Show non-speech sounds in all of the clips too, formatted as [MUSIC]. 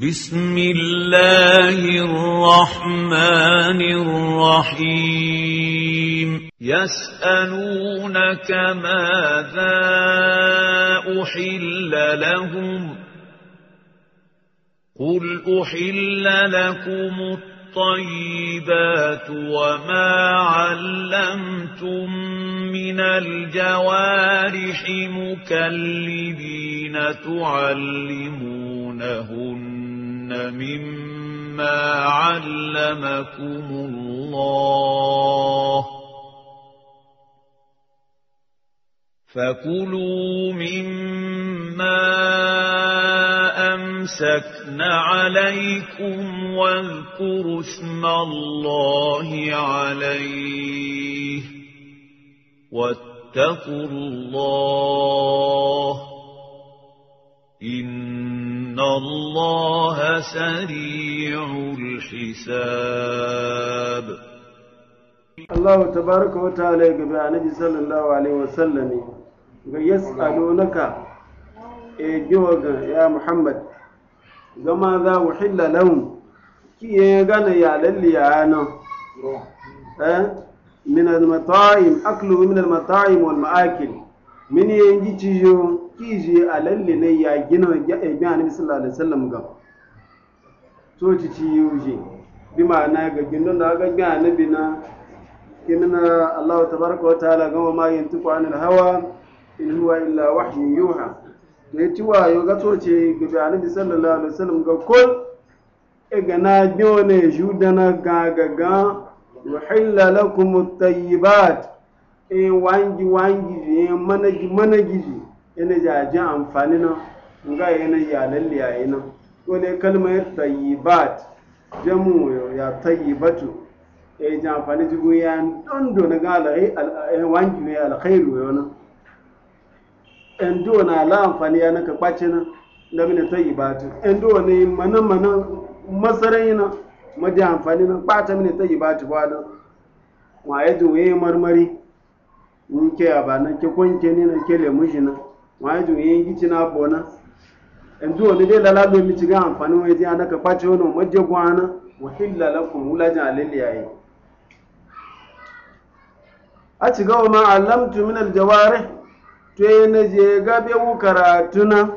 بسم الله الرحمن الرحيم يسألونك ماذا أحل لهم قل أحل لكم الطيب الطيبات وما علمتم من الجوارح مكلبين تعلمونهن مما علمكم الله فكلوا مما أمسكن عليكم واذكروا اسم الله عليه واتقوا الله إن الله سريع الحساب الله تبارك وتعالى قبل النبي صلى الله عليه وسلم ga yas'alunaka e eh, biwa ga ya muhammad gama za uhilla lahum ki ya gane ya lalliya nan eh, min al-mata'im aklu min al-mata'im wal ma'akil min yanji ciyo ki je alalle ne ya gina ya bi annabi sallallahu alaihi wasallam ga to ci ciyo je bi ma'ana ga gindo da ga bi annabi na kinna Allah tabaraka wa ta'ala ga ma yantiqu anil hawa in huwa illa wahyu yuha to yi tiwayo ga toce gabi annabi sallallahu alaihi wasallam ga ko e ga na jone judana ga ga ga yuhilla lakum at-tayyibat e wangi wangi e manaji manaji e ene jaje amfani na nga yana e ya lalle ya yana e wani kalmar tayyibat jamu ya tayyibatu e ja amfani jigo ya dondo na ga alai wangi ne alkhairu yana endo na ala amfani ya naka kwace na da mini ta ibatu endo ne mana mana masarai na maji amfani na kwata mini ta ibatu ba da wa ya juye marmari in ke ya ba na ke kwanke ni na ke le mushi na wa ya juye gici na abuwa na endo ne dai lala do mi ga amfani wa ya naka kwace wani maje gwana wa hilla lakum wulajan aliliyayi a ci gawa ma alamtu min aljawarih to na je gabe wu karatuna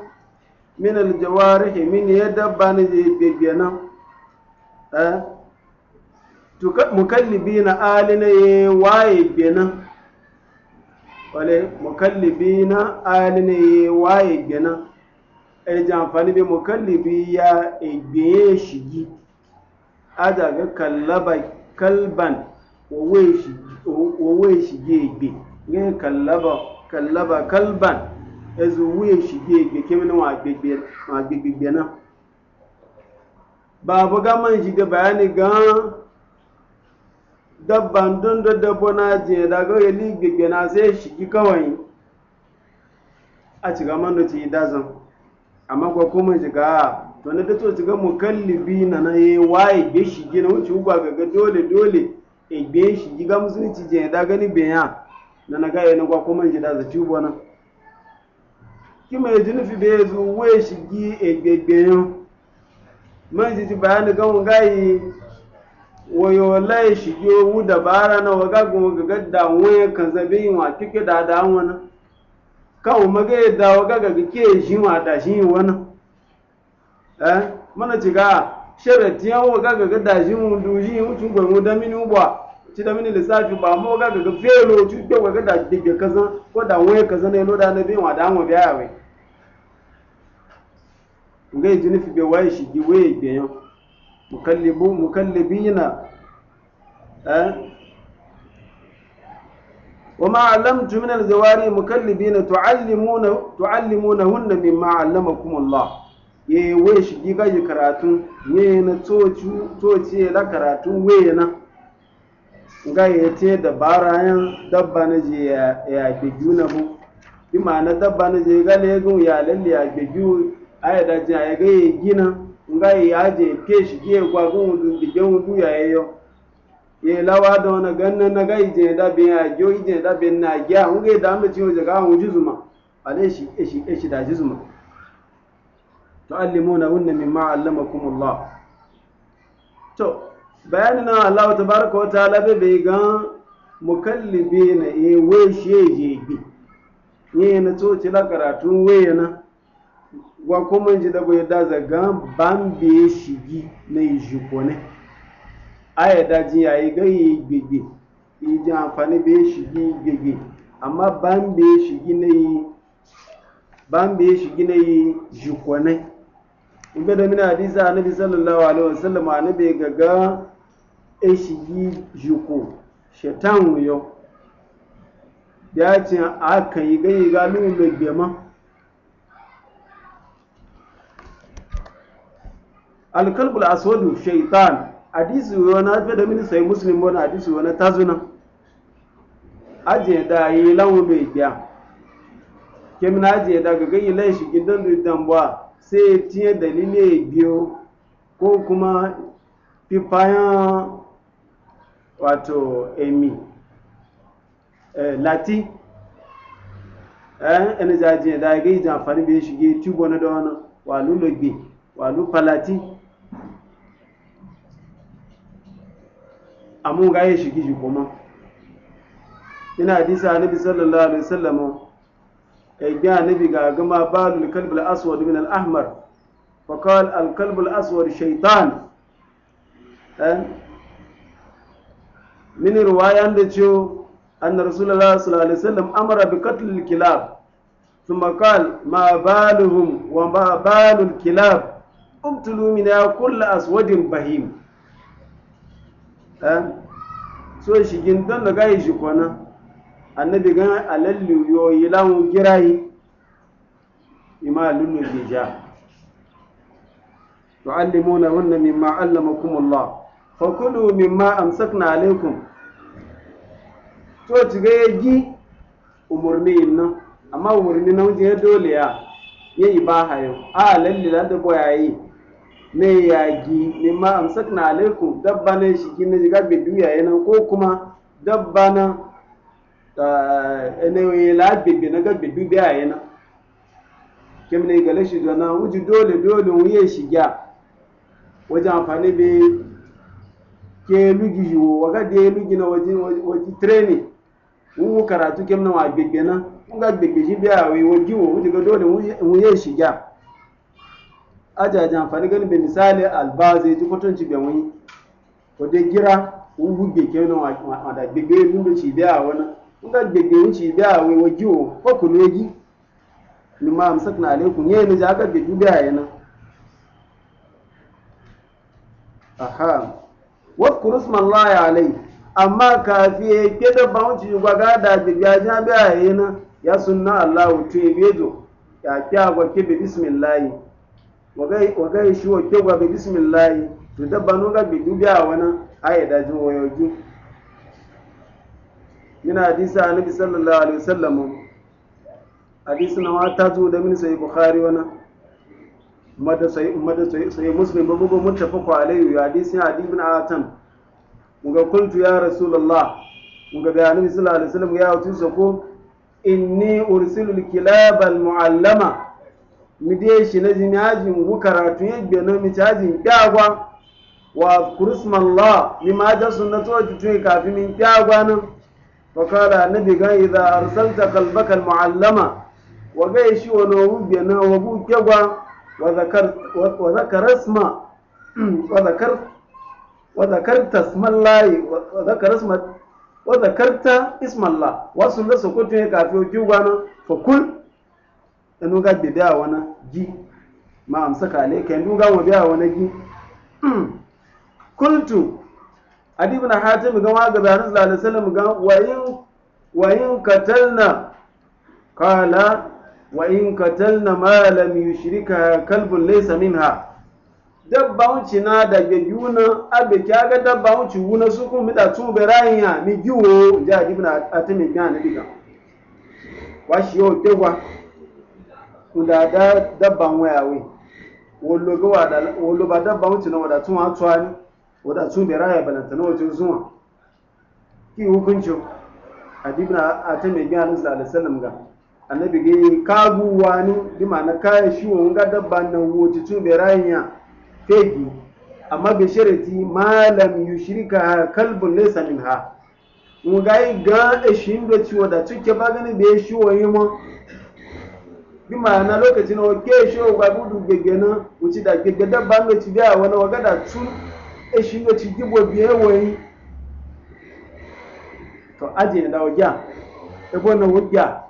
min aljawarihi min ya dabba na je bebena eh mukallibi na alina ya waye bena wale mukallibi na alina ya waye bena ẹja amfani bi mukallibi ya egbeye shigi adaga kallaba kalban owo shigi egbe ne kallaba kallaba kalban ezu wuye shige gbe kemina wa gbegbe na babu shi ga bayani gan dabban dun da dabbo na je ga yali gbegbe na sai shi ki kawai a ci gaman da ci dazan amma ko kuma ga to na to ci ga mukallibi na na yi waye gbe ge na wuce ugwa ga dole dole egbe shi ga musulunci je da gani beyan na na ga yana kwa kuma za tubo na ki mai jini da ya zu we shi gi egbegbe man ji ji bayani gan mun gayi wayo lai shi owu da bara na waga gun gaga da won kan zabe wa kike da da an ka kawo maga da waga ga kike shi wa da shi wani. eh mana ci ga sharati tiyan waga ga da shi mu duji yi tun gwa da mini ubuwa ci da mini lissafi ba mu ga ga fero ci da ga da dige kaza ko da waye kaza ne loda na bin wa da mu biya we ngai jini fi be waye shi gi waye be yan mukallibu eh? mukallibina eh وما علمت من الزواري مكلبين تعلمون تعلمونهن مما علمكم الله ye we shi giga yi karatu ne na toci la karatu we na ga ya ce dabara yan dabba na je ya gbegyu na bu bi na dabba na je ga legun ya lalle ya gbegyu a ya daji a yi ga ya gina ga ya je ke shi ke gwa gun wudu dige wudu ya yayo ya lawa da wani ganna na ga je da bin ya gyo ije da bin na gya hun ga da mace waje ga zuma juzuma ale shi e shi e shi da juzuma tu'allimuna hunna mimma allamakumullah bayanin na Allah ta baraka wa ta'ala bai bai gan mukallibi na e wai shi ye bi ne na to ci la karatun waye na wa kuma ji da bai da zagan ban shi shigi na yi ne aya da ji yayi ga yi gbegbe yi ji amfani shi shigi gbegbe amma ban shi shigi na yi ban shi shigi na yi jikone in bai da mina hadisa annabi sallallahu alaihi wasallam annabi gaga eshigi jiko shetan yo. ya ce kan yi gani ga lulu gema alkalbul aswadu shaitan hadisi wuyo na fi da mini sai muslim wani hadisi wuyo na tazuna ajiye da yi lanwu mai gya kemin ajiye da ga yi lai shigin don dambuwa sai tiye dalilin biyo ko kuma fifayen wato emi eh, lati ẹni jajin ẹ̀dá ẹgbẹ́ ìjà àǹfààní bí ṣùgbé túbọ̀ náà dọ́wọ́nà wà ló lògbè wà ló palati amu yẹ ṣùgbé jù pọ̀ mọ́ ina hadisa anabi sallallahu alaihi wasallam ẹgbẹ́ eh, anabi gagama balul kalbul aswad min al ahmar fa qala al aswa aswad shaitan. eh من رواية da ciyo anna rasulullah sallallahu alaihi wasallam amara bi qatl al-kilab thumma baluhum wa ma kilab ubtulu min kulli aswadin bahim eh so shigin dan da gaya shi kwana annabi gan alallu yoyi lawun girayi ima lullu bija tu'allimuna hunna mimma allamakum Allah fakulu mimma amsakna alaikum coci ga ya gi umarni nan amma umarni na wuce ya dole ya ya ibaha yau a lalle lalle ko yayi ne ya gi ne ma amsakna alaikum dabba ne shi kin ne ga be duya yana ko kuma dabba na ne ya la be be na ga be duya yana kim ne gale shi dona wuji dole dole shi shiga wajen amfani be ke lugi yiwo waga de lugi na waje waje training wu karatu kem na wa gbegbe na nga gbegbe shi biya wa yiwo jiwo wuce ga dole wuye aja ajaji amfani gani bai misali albazi ji kwatanci bai wani wadda gira wu gbegbe na wa da gbegbe yin da shi biya wa na nga gbegbe yin shi biya wa yiwo jiwo ko kunu yi lima amsak na alaikun yayi ni ja gbe gbegbe biya yana aha wa kurusman la ya alai amma kafi ya ke da bawanci ga da biya ya biya yana ya sunna Allah to ya bejo ya kya gwa ke bi bismillah wagai wagai shi wa ke gwa bi bismillah to da banu ga bi dubiya wana ayi da ji wayoju yana hadisi annabi sallallahu alaihi wasallam hadisi na ta zo da min sai bukhari wana mada sai mada sai muslim babu mutafaku alaihi hadisi hadibin atam nga kultu ya rasulullah nga ga annabi sallallahu alaihi wasallam ya wuce sako inni ursilu alkilab almuallama mi de shi na jimi ajin gu karatu yadda na mi tajin kyagwa wa kurusmallah ni ma ja sunnatu wa tutu kafin min kyagwa nan fa kala annabi ga idza arsalta qalbaka almuallama wa ga shi wa no bi na wa bu kyagwa wa zakar wa zakar wa zakar [CLEARS THROAT] wa zakarta smallahi wa zakara smat wa zakarta ismallah wasu da su kutu kafi ga bi da wana gi ka inu ga wa biya wana gi kultu adi ibn hatim ga wa ga bayan sallallahu alaihi wasallam ga wayin wayin katalna qala wayin kalbun minha dabba wuce na da gagguna abe ki aga dabba wuce wuna su kun mita tun be rayya mi giwo ja dibna atami gana diga washi yo tewa kuda da dabba wayawe wolo ga wada wolo ba dabba wuce na wada tun atwa ni wada tun be rayya balanta na wajen zuwa ki hukuncin adibna atami gana sallallahu alaihi wasallam ga annabi ga kaguwa ni bi ma na kaya shi wa ga dabba nan wuce tun be rayya fegi amma bi sharati ma lam yushrika kalbun laysa minha mu ga ga shin da ciwo da cike ba gani be shi wayi bi ma'ana lokacin na wake shi wa gudu gege na wuci da gege da ba ga ci da wani waga da tun e shin da ci gibo biye wayi to aje da waja e na waja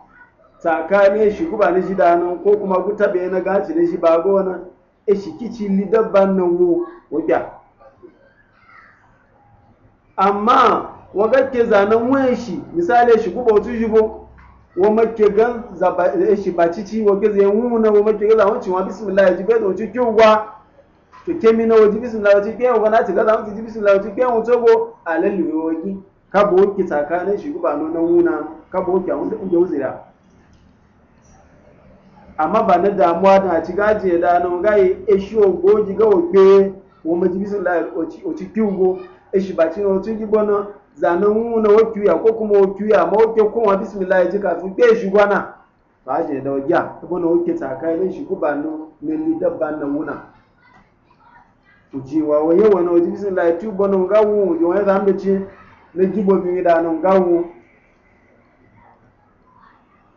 tsakanin shi guba ne shi da nan ko kuma gutabe na gaci ne shi ba gona eshikichili dabbannawo wuɗa amma waga ke zanen wayan shi misali shi kuba wata jibo wa make gan shi ba cici wa ke zai wuna wa make gaza wancin wa bismillah ya ji bai da wancin kyauwa to ke mina waji bismillah wancin kyau ga na ci gaza wancin ji bismillah wancin kyau wancin go alalli wagi ka bo ke tsakanin shi kuba nuna wuna ka bo ke a wanda ya wuzira amma ba na damuwa da ci gaji ya da dano gaye shi o goji ga ogbe wo mo ji bisila o ti kiwo shi ba ci o ti gibo na zanan na o kiwa ko kuma o kiwa ma o ke ko wa ji ka fun shi eshi gwana ba a je da oja ko na o ke ta kai ne shi ku ba no ne ni dabba na wuna uji wa wo ye wona o ji bismillah e ti e bo no ga wo yo ya zambe ci ne gibo bi da no ga wo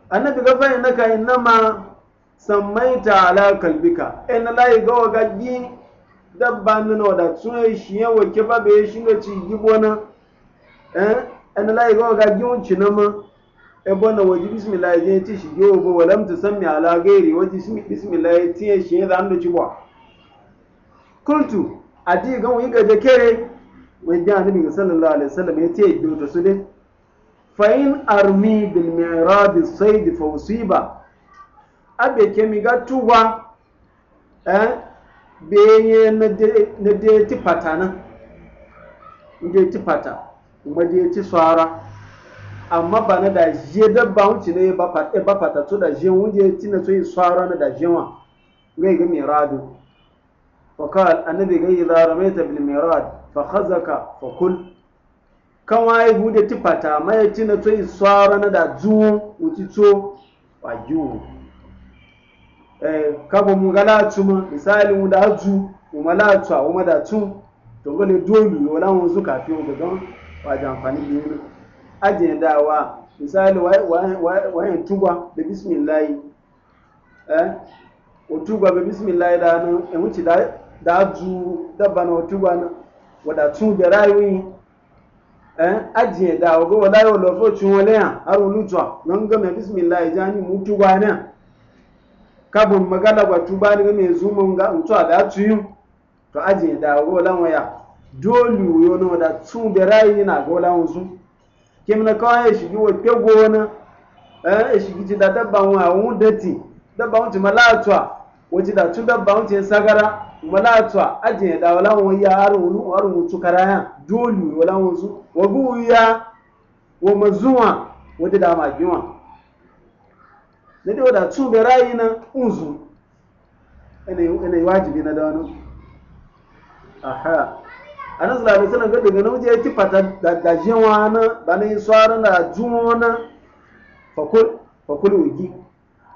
annabi ga fa innaka innama Sammai ta ala kalbika ina layi gawa gaggi dabba nuna da tsoye shi ya wake ba bai shi ne ci gibona eh ina layi gawa gaggi wuce na ma ebo na waje bismillah je ti shi yo go walam ta sammi ala gairi waje bismillah ti ya shi ya zan da jibwa kultu adi ga wani ga da kere wai da annabi sallallahu alaihi wasallam ya ce biyo ta su ne fa in armi bil mi'rad as-sayd fa usiba abe kemi ga tuwa eh ne na de ti pata na ti pata ma de ti swara amma ba na da je ba wuce ne ba pata e ba pata to da je je ti na so yi swara na da je wa ga ga miradu fa qala annabi ga idza ramaita bil mirad fa khazaka fa kul kawai hude ti pata ma ti na so yi swara na da zu wuci to wa ju Eh, kabo mu gala tuma misali mu da azu mu mala tuma mu da tun to gole dole wala mu zu kafi mu ga wa da amfani da yi ajin dawa misali wa yin tugwa da bismillah eh o tugwa da bismillah da nan e wuce da da azu dabba na eh, tugwa na wada tun da rayuwi eh ajin dawa go wala yo lo fo tun wala har wulu twa nan ga bismillah jani mu tugwa na kabin magana batu tuba ni mai zumun ga mutu a da tuyin to aje da golan waya dole yo no da tun da rayi na golan zu kim na kawai shi yi wake gona eh shi gici da dabba wa wun dati dabba wun ti malatwa wace da tu dabba wun ti sagara a aje da golan waya har wulu har mutu karaya dole yo lan wasu wagu ya wa mazuwa wadda da magiwa da dai da tsu be na unzu ene ene wajibi na da wani aha anan sallallahu alaihi wasallam ga daga nan je ti fata da da jewa na ba ne swara na jumo na fakul fakul wigi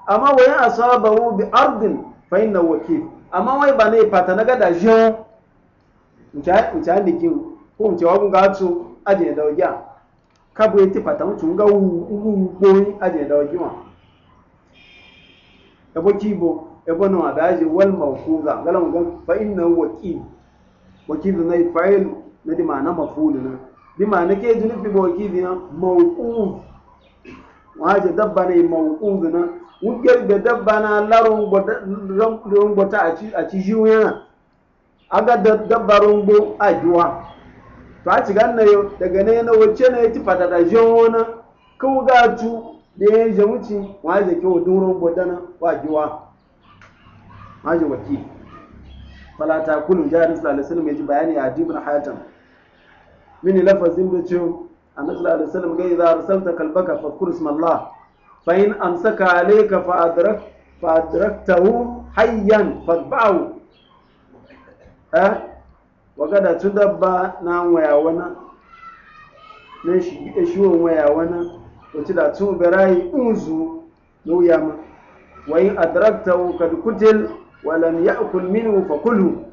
amma wayan asabahu bi ardin fa inna wakil amma wai ba ne fata na ga da jewa nta nta ndikin ko nta wagun ga tsu ajiye da wagiya kabo ti fata mutun ga wu wu boyi aje da wagiya ebokibo ebono adaji wal mawkuza galan gan fa innahu waqil wakil na fa'il na di ma'ana maf'ul na di ma'ana ke jini bi wakil na mawquf waje dabba ne mawquf na wujer be dabba na larun ron bota a ci a ci jiwaya aga dabba rumbo ajwa to a ci ganna yo daga ne na wacce ne ti fatata jona ko ga tu ɗaya ya wuce ma ya ke wa duron gwadana wa giwa ma ya waki falata kulun jihar islam salam ya ji bayani a dibin hayatan mini lafazin da ce a sallallahu alaihi wasallam gai za arsalta kalbaka fa kursum allah fa in amsaka alayka fa adrak adraktahu hayyan fatba'u eh wa kada tudabba na waya wana ne shi shi waya wana wace da tun berayi unzu wuya ma wa in adraktahu kad kutil wa lam ya'kul minhu fa kulu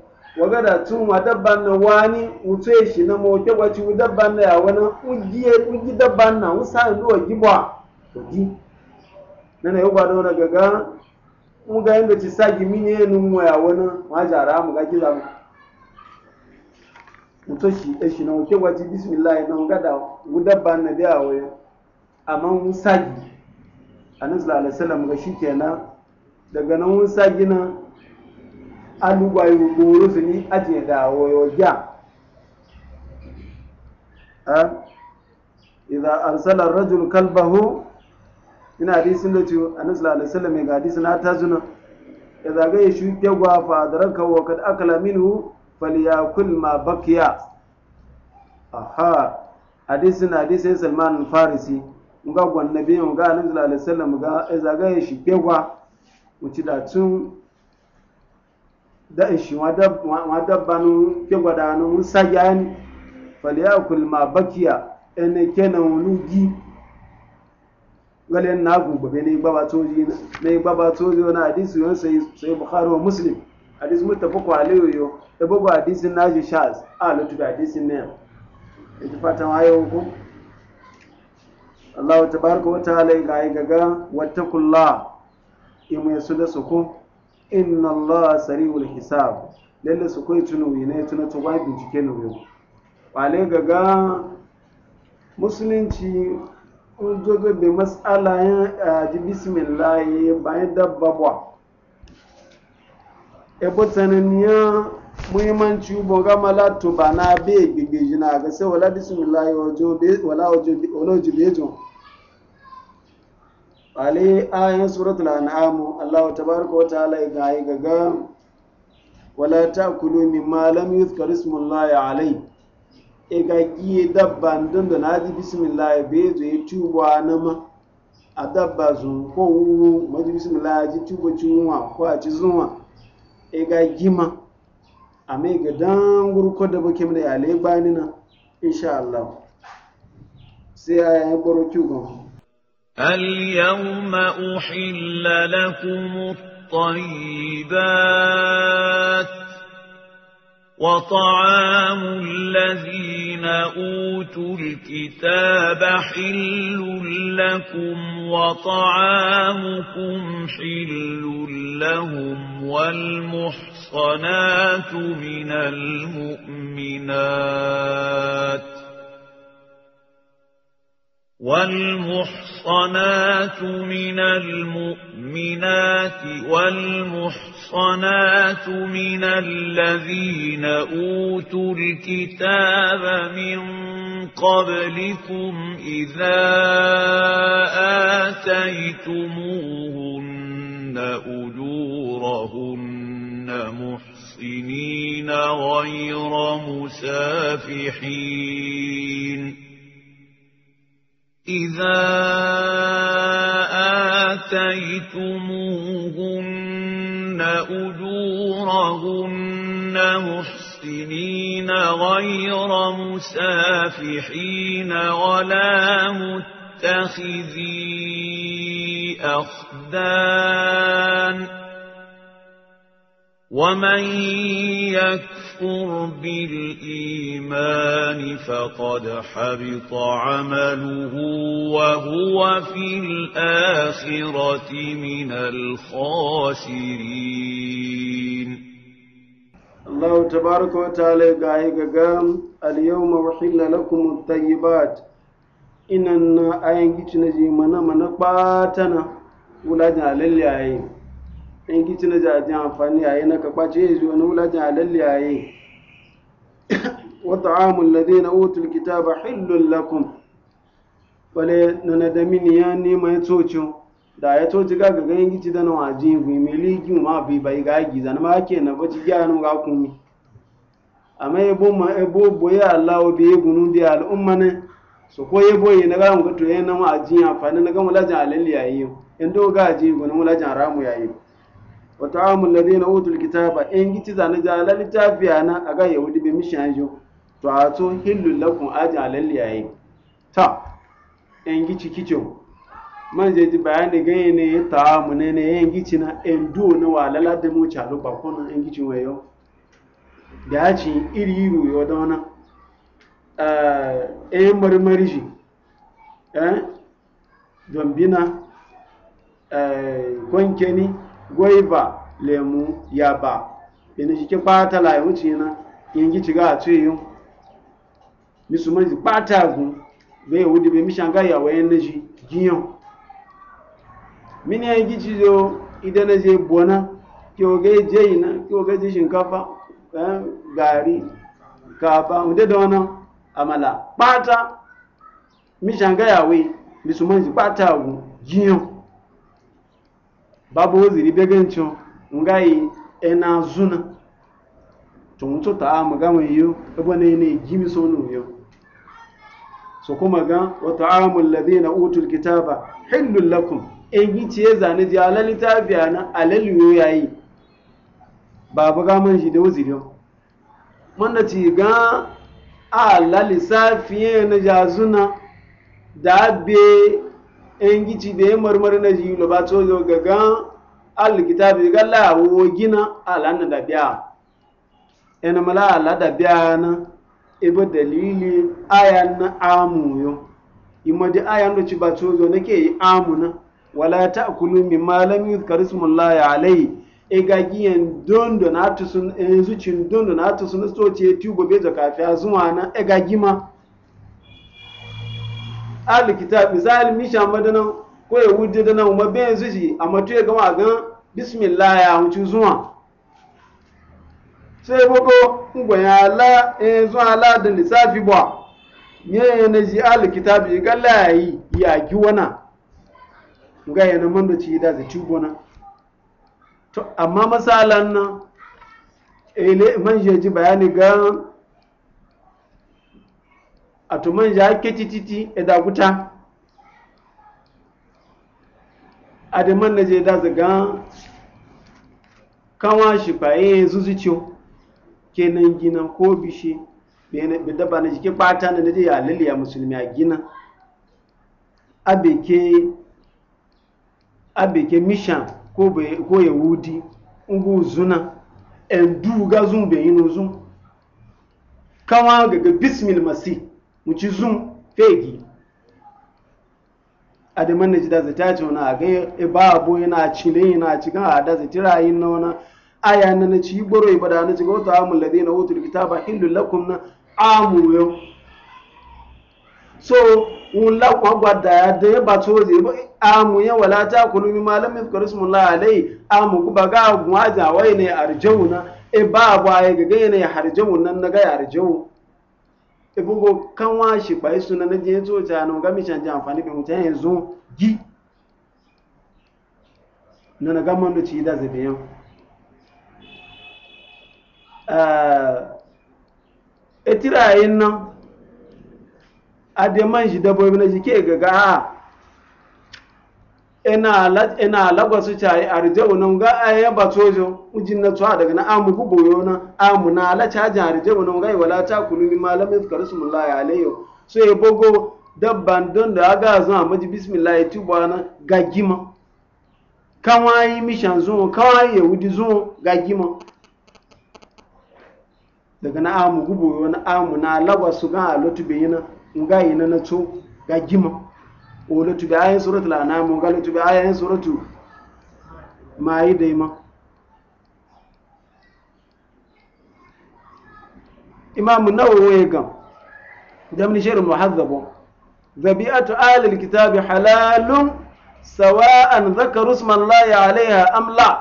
wa gada tun wa dabban na wani wuce shi na mo ke wace dabban na ya wani ujiye uji dabban na wusa duwa gibwa uji nana yau gwado na gaga mu ga yanda ci sa gimi ne nun waya wani ma jara mu ga kiza mu mutoshi eshi na ke wace bismillah na gada gudabban na da ya waya Aman mun sagi annabi sallallahu alaihi wasallam ga shikenan daga nan wun sagi nan alugwayo goro su ni aje da wayo ja a idza arsala rajul kalbahu ina hadisin da ce annabi sallallahu alaihi wasallam ga hadisin ta zuna ya ga yashu kegwa fa daraka wa kad akala minhu falyakul ma bakiya aha hadisin hadisin Salman farisi nga gwanne biyu nga alayhi sallallahu alaihi wasallam ga eza ga shi pewa muti da tun da shi wa dabba nu pewa da nu musajani ya ma bakiya ene kenan gi galen na gugu be ne baba toji ne baba toji na hadisi yon sai sai bukhari wa muslim hadis muttafaq alayhi yo da e babu hadisin naji shaz a lutu da hadisin ne e ita fatan ayo ko Allah ta baraka wa ta'ala ga yi gaga kula in mai su da suku inna Allah sari'ul hisab lalle su kai tunu ne tuno to wai bincike ne yau wale gaga musulunci ujogo bi mas'ala ya ji bismillah bayan dabba ba e botananiya muhimmanci bon gama latu ba na be gbigbe jina ga sai wala bismillah wajo be wala wajo be wala wajo be jo ali ayin suratul an'am Allah tabaraka wa ta'ala ga yi gaga wala ta'kulu mimma lam yuzkar ismullah alai e ga giye dabban don da naji bismillah be zo ya tuba na ma a dabba zun ko wu maji bismillah ji tuba ciwuwa ko a ci zuwa e ga gima ame ga dan gurko da bakin da yale bani na insha Allah sai ya yi baro kyugon اليوم أحل لكم الطيبات وطعام الذين الذين أوتوا الكتاب حل لكم وطعامكم حل لهم والمحصنات من المؤمنات والمحصنات من المؤمنات والمحصنات من الذين أوتوا الكتاب من قبلكم إذا آتيتموهن أجورهن محصنين غير مسافحين إذا آتيتموهن أجورهن محسنين غير مسافحين ولا متخذي أخدان ومن يكفر يكفر بالإيمان فقد حبط عمله وهو في الآخرة من الخاسرين الله تبارك وتعالى قاهق قام اليوم وحل لكم الطيبات إن أين جتنا جيمنا من باتنا ولدنا جعل in kici na jaji amfani yayi na ka kwace ya zo [COUGHS] na wulajin halalli yayi wa ta'amul ladina utul kitaba hillul lakum wale na na da mini ya nema ya tsoci da ya tsoci ga gaga yin kici da na waje gwi mai ligi ma bai bai ga yi na ma ke na baci gyanu ga kunmi amma ebo ma ebo boye Allah bi da ya al'umma ne so ko yebo yi na ga mu to yana ma ajin amfani na ga wulajen lajin halalli yi in do gunu wulajen lajin ramu yayi wa ta'amul ladina utul kitaba in gici zana jala littafi ana aga yahudi be mishin ajo to a to hillul lakum ajalan liyayi ta in gici kicin man je ji da ganye ne ta'amu ne ne yan gici na en do na walala da mu chalo ba kono yan gici wayo da ya ci iri iri yo da wana eh en eh, marmari ji eh dombina eh konkeni goiva lemu yaba yana shi ke kpata la yau ci na yangi ci ga yi yau mi su zi kpata gun be yau de be mi shanga ya wa yan ji giyan mi ne yangi ci zo idan na je bona ki oge je yi na, ki oge je shinkafa eh, gari kaba unde da wannan amala kpata mi shanga ya yi, mi su zi kpata gun giyan babu ribe gancho ngai ena zuna tun to ta mun yo ebo ne ne gimi sonu yo so kuma ga wa ta'amul ladina utul kitaba hillul lakum en gici ya zani ji alal litafiya na alal yayi babu mun shi da huziri yo manna ci ga alal safiye na jazuna da be en gici da ya marmari na jiyu da ba to yo gaga bai kitabi galla wo gina ala da biya en mala ala da biya na ebe dalili aya na amu yo imadi aya ndo ci ba to na ke yi amu na wala ta'kulu mimma lam yuzkar laya alai e gagiyen dondo na tusun en zucin dondo na tusun stoci tubo be zakafi zuwa na e gima. ahli kitab misali mi madana ko ya wuje dana ma ben zuji amma to ya ma gan bismillah ya wuce zuwa sai boko ngwa ya la e eh, zo ala da lissafi ba ne ne ji ahli kitab ga la yi ya gi wana ga yana mando ci da zai tubona to amma masalan nan ele eh, man je ji bayani ga atumanja ketititi edaguta ademan na je da zaga kawa shi faye zuzuciyo kenan gina ko bishi bi daba na jike bata na naje ya liliya musulmi a gina abeke abeke mishan ko ko yahudi ngu zuna en duga zun be yinu zun kawa ga bismil masih ci zum fegi man na ji da zata ce wani a ga e ba abu yana cile yana cikin a da tira yi na wani aya na na ci boro ba da na ci wata amul ladina utul ba hindu lakum na amu yau so un lakwa gwada ya da ya bato zai ba amu ya wala ta kunu mi malam min karismullah alai amu ku baga gwaja wai ne arjauna e ba abu ya ga ga ne harjauna nan na ga arjauna ebugo kawon shi bai suna na je to ta no ga mi canja amfani bi mutan yanzu gi na na gamon da ci da zabe yan eh etira yin nan ademan shi dabobi na jike gaga ha ina lagwasu cayi arjau nan ga aya ba tojo ujin na tuwa daga na amu yi na amu na ala caji arjau nan ga wala ta kunu bi malam yuzkar sumullahi alayyo so e bogo dabban don da aga zan maji bismillah e tuba na gagima kawai mishan zo kawai e wudi zo gagima daga na amu yi na amu na lagwasu ga alotu bayina ngai na na tso, gagima wala tu bi ayen suratu la na mo galu tu bi ayen suratu ma yi dai ma imam nawawi ga dam ni shiru muhadzabu dhabiatu ahli alkitab halalun sawa'an dhakaru isma allahi alayha am la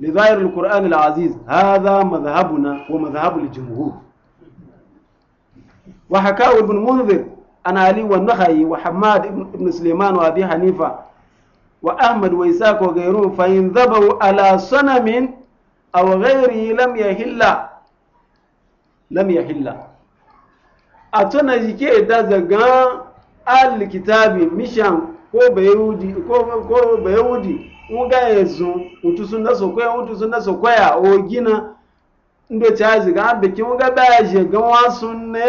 li dhahir alquran alaziz hadha madhhabuna wa madhhabu aljumhur wa hakahu ibn munzir أنا علي والنخي وحماد بن سليمان وأبي حنيفة وأحمد وإساق وغيرهم فإن ذبوا على صنم أو غيره لم يحل لم يحل أتونا جيكي إدا زغان آل الكتاب مشان ko ba yahudi ko ko ba yahudi uga yezu utusu na sokoya utusu na sokoya o gina ndo chaji ga be ki uga ba je ga wasu ne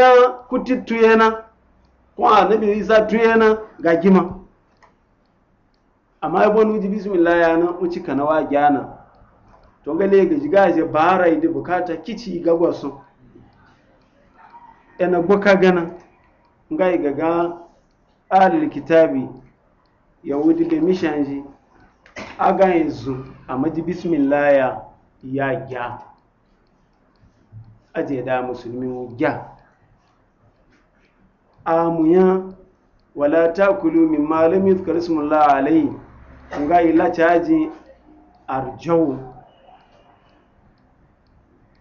yana ko annabi isa tuyena ga gima amma ya bonu ji bismillah ya nan uci kana gyana to ga le gaji gaje bara idi bukata kici ga gwasu ina e gwaka gana ngai gaga alil kitabi yahudi da mishanji aga yanzu a maji bismillah ya ya gya aje da musulmi gya amuya wala ta kulu min malam yuzkar ismullah alayhi nga ila caji arjau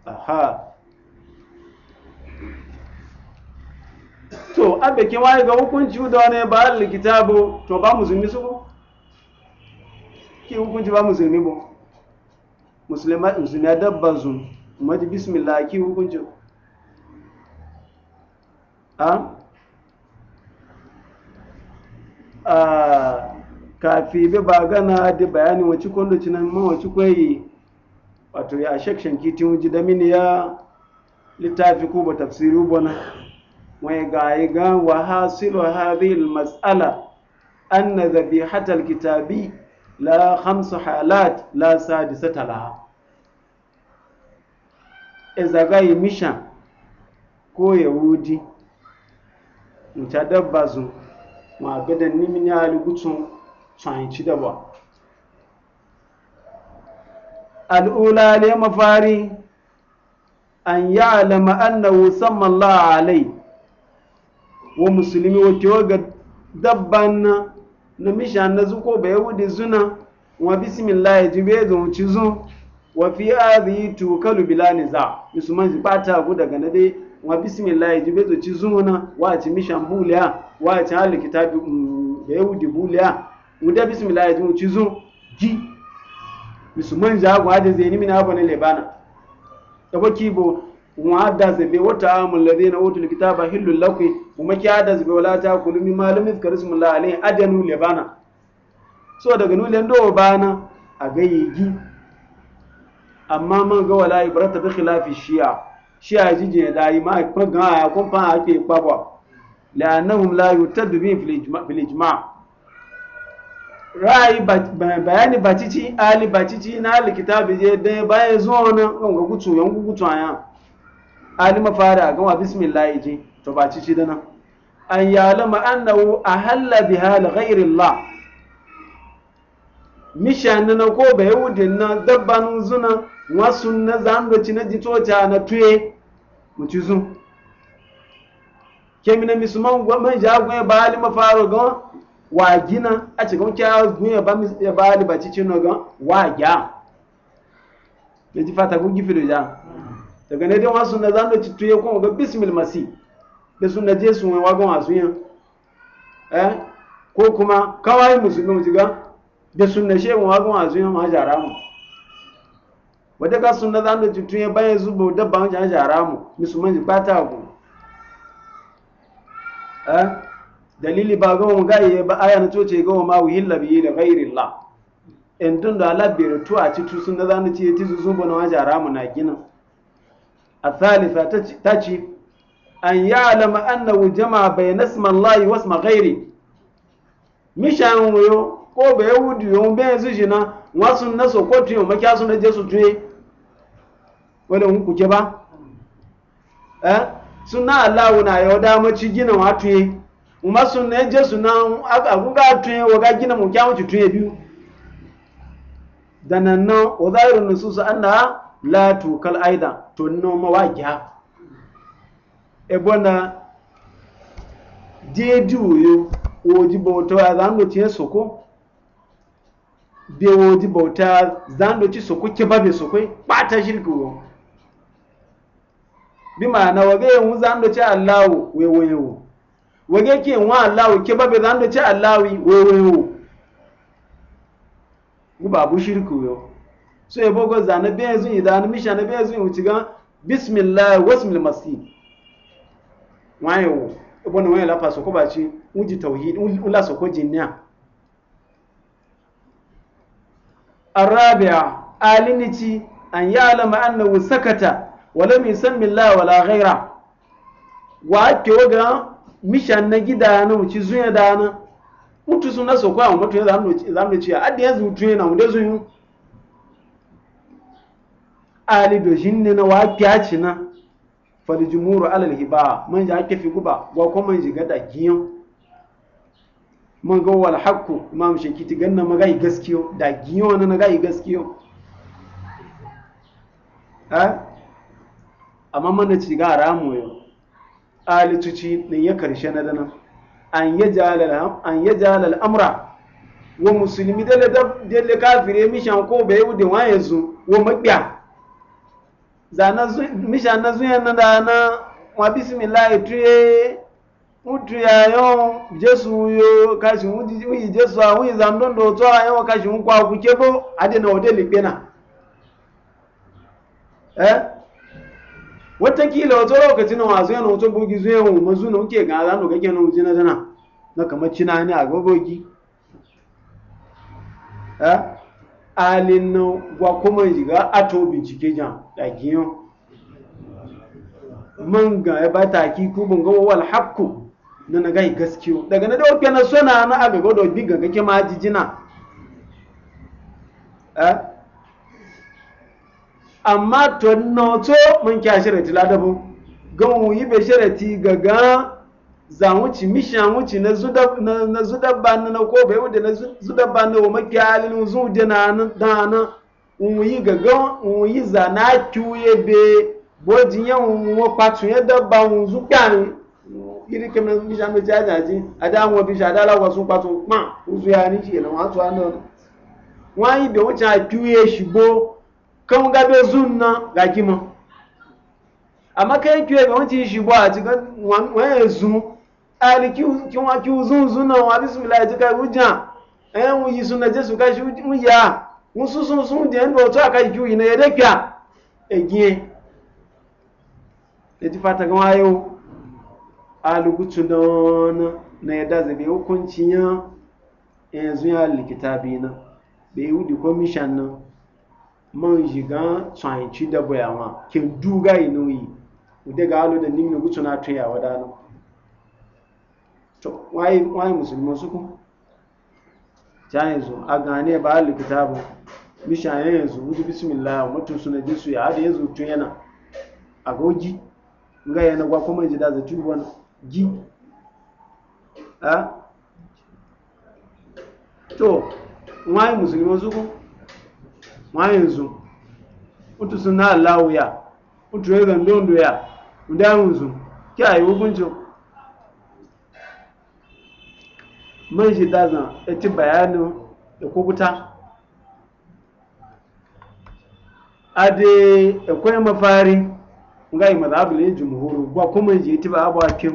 aha to abe ke waye ga hukunci da wani ba likitabu to ba musulmi su ki hukunci ba musulmi bu musulma musulmi dabban su maji bismillah ki hukunci a ah? kafi bi ba gana da bayani wacce kwallo cinan ma wacce kwayi wato ya shek tun wuji da mini ya littafi ko ba tafsiri bana wai ga yi ga wa hasilu hadhihi almas'ala anna dhabihata alkitabi la khamsu halat la sadisata iza ga yi mishan ko yahudi mutadabbazu ma gada nimin ya gutsun tsanci da ba al'ula ne mafari an yi alama annahu sammallah la'alai. wa musulmi wato ga dabban na na mishan na zuko ba wudi zuna wa bismillah ya ji bai zun wa fi azi tukalu bila musulman ji bata ku daga na dai wa bismillah ji bezo ci zuna wa ci mishan buliya wa ci halu kitabi mm, da yahudi buliya mu da bismillah ji mu ci zun ji musulman ja gwa da zai ni mina bana lebana da baki bo wa da zabe wata amul ladina utul kitaba hillul lakum kuma maki da zabe wala ta kulu min malum izkarismullah alai adanu lebana so daga nulen do bana a gayyigi amma man ga wala ibrata bi khilafi shi'a shi a jije da yi ma ikpa gan a kun fa ake ikpa la'annahum la yutaddu bi fil ijma Rai, bayani bacici ali bacici na ali kitabi je dan bayan zuwa na kan ga gutu yan gutu aya ali mafara ga wa bismillah je to bacici dana an yalama annahu ahalla biha li ghairi allah mishan na ko bayudin na dabban zuna wasu na zanga ci na jitoca na tuye mutuzu kemina misuman gwamnan ja gwe bali mafaro gan wa gina a cikin kya gwe ya ba ya bali baci cin gan wa ya ya ji fata ku gifi ja daga mm. ne dai wasu na zan da tuye ko ga bismil masi da sunna je su wa gan wasu yin eh ko kuma kawai musulmi mu ji ga da sunna shehu wa gan wasu yin ma jaramu wata ka sunna za mu tuntun ya bayan zuba dabba wajen jara mu musulman ji bata ku eh? dalili ba gawon gaye ba aya na coce gawon ma wuhilla labiye da gairin la in tun da labirin tuwa a ci tu sunna za mu ci ti su zuba na wajen jara mu na gina a thalitha ta ci an alama an jama'a wujama ismi layi wasu ma ghairi mishan wuyo ko ba yahudi yau bai yanzu shi na wasu na sokoto yau makiya su na je su tuye wadda hun kuke ba eh suna allahu na yau ci gina wa tuye kuma sun na je su na aguga wa waga gina mu kyawu ci biyu da nan nan wa zahirin nususu annaha la tukal aidan to noma wa gya ebona jeju soko bewo di bauta zando ci soko ke babe soko bata shirki wo bi ma'ana wage yin zando ci allahu wewo yewo wage ke yin wa allahu ke babe zando ci allawi wewo yewo guba bu shirki wo so ya bogo zane be yanzu idan misha na be yanzu wuci ga bismillah wasmil masih wayo ibn wayo la faso ko ba ci uji tauhid ulla soko jinniya alama آلنتي أن يعلم أنه سكت ولم يسمي الله ولا غيره وأكي وقع mishan na gida na wuci zuya da na mutu suna so kwa mutu za mu ci adi yanzu mutu yana mu zuyu ali do ne na wa kyaci na fal jumuru ake fi guba wa ko gada giyan man ga wal haqqu imam shankiti ganna magai gaskiyo da giyo na nagai gaskiyo A amma man ci ga ramu yo tuci ne ya karshe na dana an jalal an ya jalal amra wa musulmi da dele kafire mi shan ko bai wudi wa yanzu wa mabiya zana mishan na yan na da na wa bismillah tuye ŋutsu ya yɔ jesu yo kasi ŋuyi jesu a ŋuyi zandoŋ do tsɔ a yɔ kashi ŋu kɔ aku tse bo adi na ɔde li kpe na ɛ wotekile wotsɔ lɛ wokati na wa zɔyɛ na wotsɔ gbogi zɔyɛ wo na wotie gaa zan na wotie na zana na kama tsi na ne agbogi ɛ eh? ali na wa kɔmɔ ato bincike jan da giyan ga ya bata ki kubun ga wal hakku na na gai gaskiyo daga na dauke na sona na aga godo diga gake ma jijina eh amma to to mun kya sharati ladabo gan mu yi be sharati gaga za mu ci misha mu ci na zuda na zuda ban na ko be wuda na zuda ban na wa makyalin zuda na na na mu yi gaga mu yi na tuye be bojin yan mu patu ya dabba mu zuka ni iri kemna bisha me jaja ji ada won bisha da lawo sun pa tun pan uzu ya ni ji na wa to ana wa yi be won cha tuye shibo kan ga be zunna ga kimo amma kai tuye be won ti shibo a ti kan wa e zun ali ki ki wa ki uzun zun na wa bismillah ji kai uja eh won yi sunna jesu kai shi uja won susun sun de ndo to aka ju ina yede kya egie eti fata kan ayo alugutu na yadda zai bai hukunci ya yanzu ya likita bi na bai wudi komishan nan man shiga tsanci da bayawa ke duga inoyi wadda ga alu da nimi gutu na tuya wada to waye musulman su ku ta yanzu a gane ba likita ba mishan yanzu wudu bismillah mutum suna jisu ya hada yanzu tun yana a goji ga yana gwa kuma ji da zai tuba na ji ha to wani musulman zuku wani yanzu utu suna allahu ya utu ya zandon doya mudamin ki kya yi hukuncin man da dazan ya ci bayanin da kukuta ade akwai mafari nga yi mazhabul jumhur gwa kuma je ti abu akim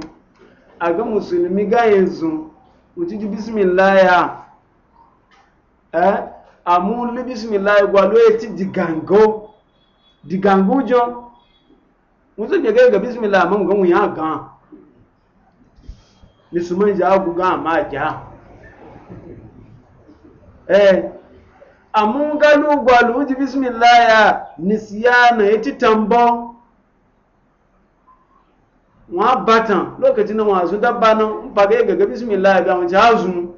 Aga ga musulmi ga yanzu mutiji bismillaya eh amu li bismillaya gwalo ya digango digango jo mutum ya ga bismillaya mamu ga wuya gan musulman ja ku ga ma ja eh amu galu gwalo ji bismillaya nisyana ya ci tambo wọn batan lokacin da wasu dabba nan ba ga gaga bismillah ga a hazu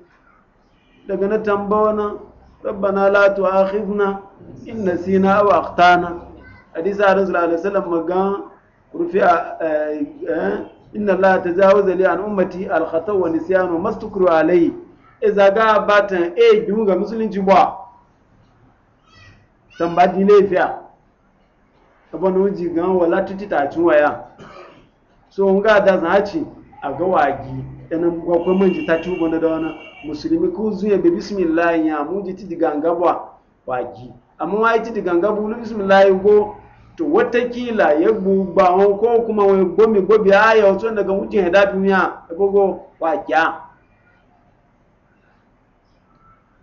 daga na tambawa nan rabbana la tu'akhidna in nasina aw akhtana hadisi arin sallallahu alaihi wasallam magan rufi'a eh, eh, inna allaha tajawaza ummati wa ga e ga musulunci ba tambadi ne fiya ji gan so ga da zaci a ga wagi ina kwakwai manji ta tubo na da wani musulmi ko zuwa bi bismillah ya mu ji ti diganga ba wagi amma wai ti diganga bu lu bismillah go to watakila ya gbugba hon ko kuma wai gomi gobi aya wato daga mutum ya dafi miya ya wagi a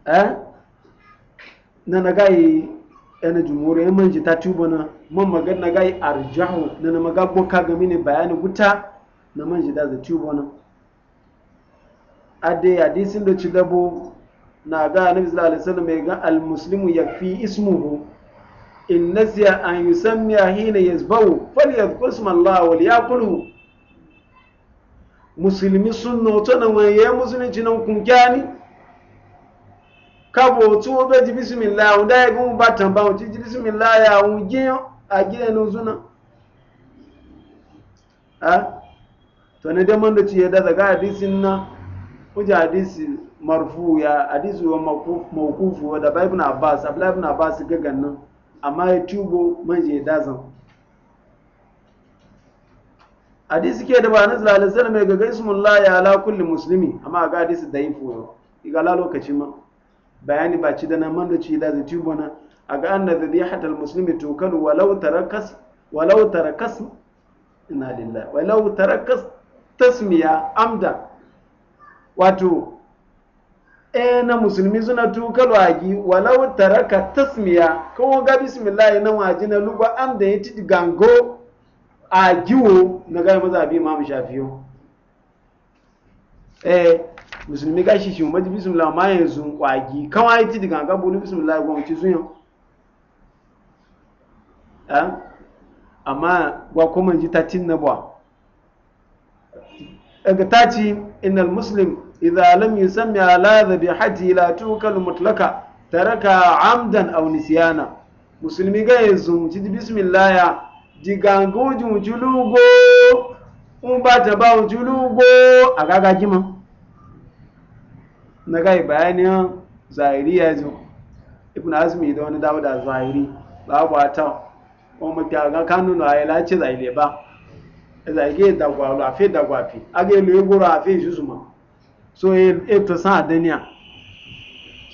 eh na na gai ɗana jumuru ya manji ta tuba na man magana ga yi arjahu na na magagbo ka gami ne bayani wuta na manji da za tuba na ade hadisin da ci dabo na ga annabi sallallahu alaihi wasallam ya ga almuslimu yakfi ismuhu in nasiya an yusammiya hina yazbahu falyadhkur isma Allah wal yaqulu musulmi sunno to na waye musulunci nan kun kyani kabo tí wọ́n bẹ́ ti bísímìlá àwọn dáyẹ̀gún bá tàn bá wọn ti bísímìlá àwọn jíyàn àjíyàn ní ozúná to ne dai mun da ciye da daga hadisin nan kuja hadisi marfu ya hadisi wa mawkufu da bai ibn abbas abdullahi ibn abbas ga gannan amma ya tubo man je da zan hadisi ke da ba na sallallahu alaihi wasallam ga gaismullah ya ala kulli muslimi amma ga hadisi daifu ga la lokaci ma bayani ba ci da nan man da ci da zai ci gona. a ga an da dhabihat hatar musulmi tukalu walau tarakas ina tarakas lillahi walau tarakas tasmiya amda wato e na musulmi suna tukalu gi walau taraka tasmiya ko ga bismillah na waji na an da ya ti gango a giwo. na ga mazabi imam shafiyo e, musulmi ga shi mu ji bismillah ma yanzu kwagi kawai ti diga ga ni bismillah gwamci ci zuyan eh? amma gwa kuma ji ta tin na ba daga ta ci innal muslim san lam yusammi ala hajji la tukal mutlaka ka amdan wani siyana. musulmi ga yanzu ci bismillah ya digangu julugo un ba ta ba a agagajima na gai bayanin zahiri ya zo ibn azumi da wani dawo da zahiri ba a ta wọn mafi aga kanu na ayi lace zahiri ba zahiri da gwalo afi da gwafi aga ilu ya goro afi shi su ma so ya to san adaniya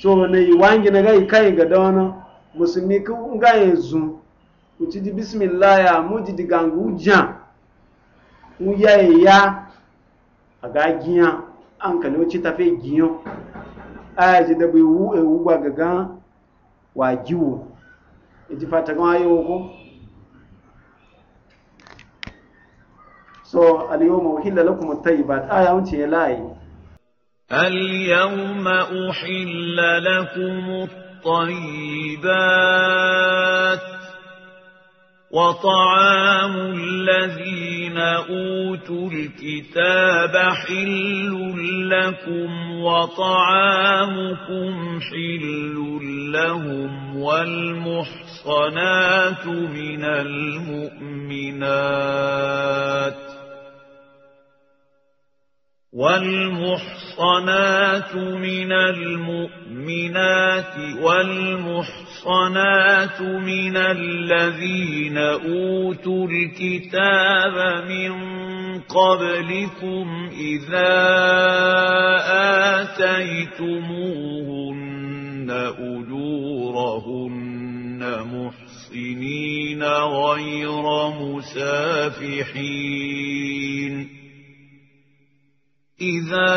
so na yi wangi na gai kai ga da wani musulmi kun ga ya zu uci di bismillah ya muji di gangu jan mu ya ya a gagiyan ankali wacce ta fe giyon aya ji da bai wu e wu ga gaga ji fata kan ayo ko so al yawma uhilla lakum at-tayyibat aya wacce ya layi اليوم أحل لكم الطيبات وطعام الذين أوتوا الكتاب حل لكم وطعامكم حل لهم والمحصنات من المؤمنات والمحصنات من المؤمنات والمحصنات من الذين أوتوا الكتاب من قبلكم إذا آتيتموهن أجورهن محصنين غير مسافحين إذا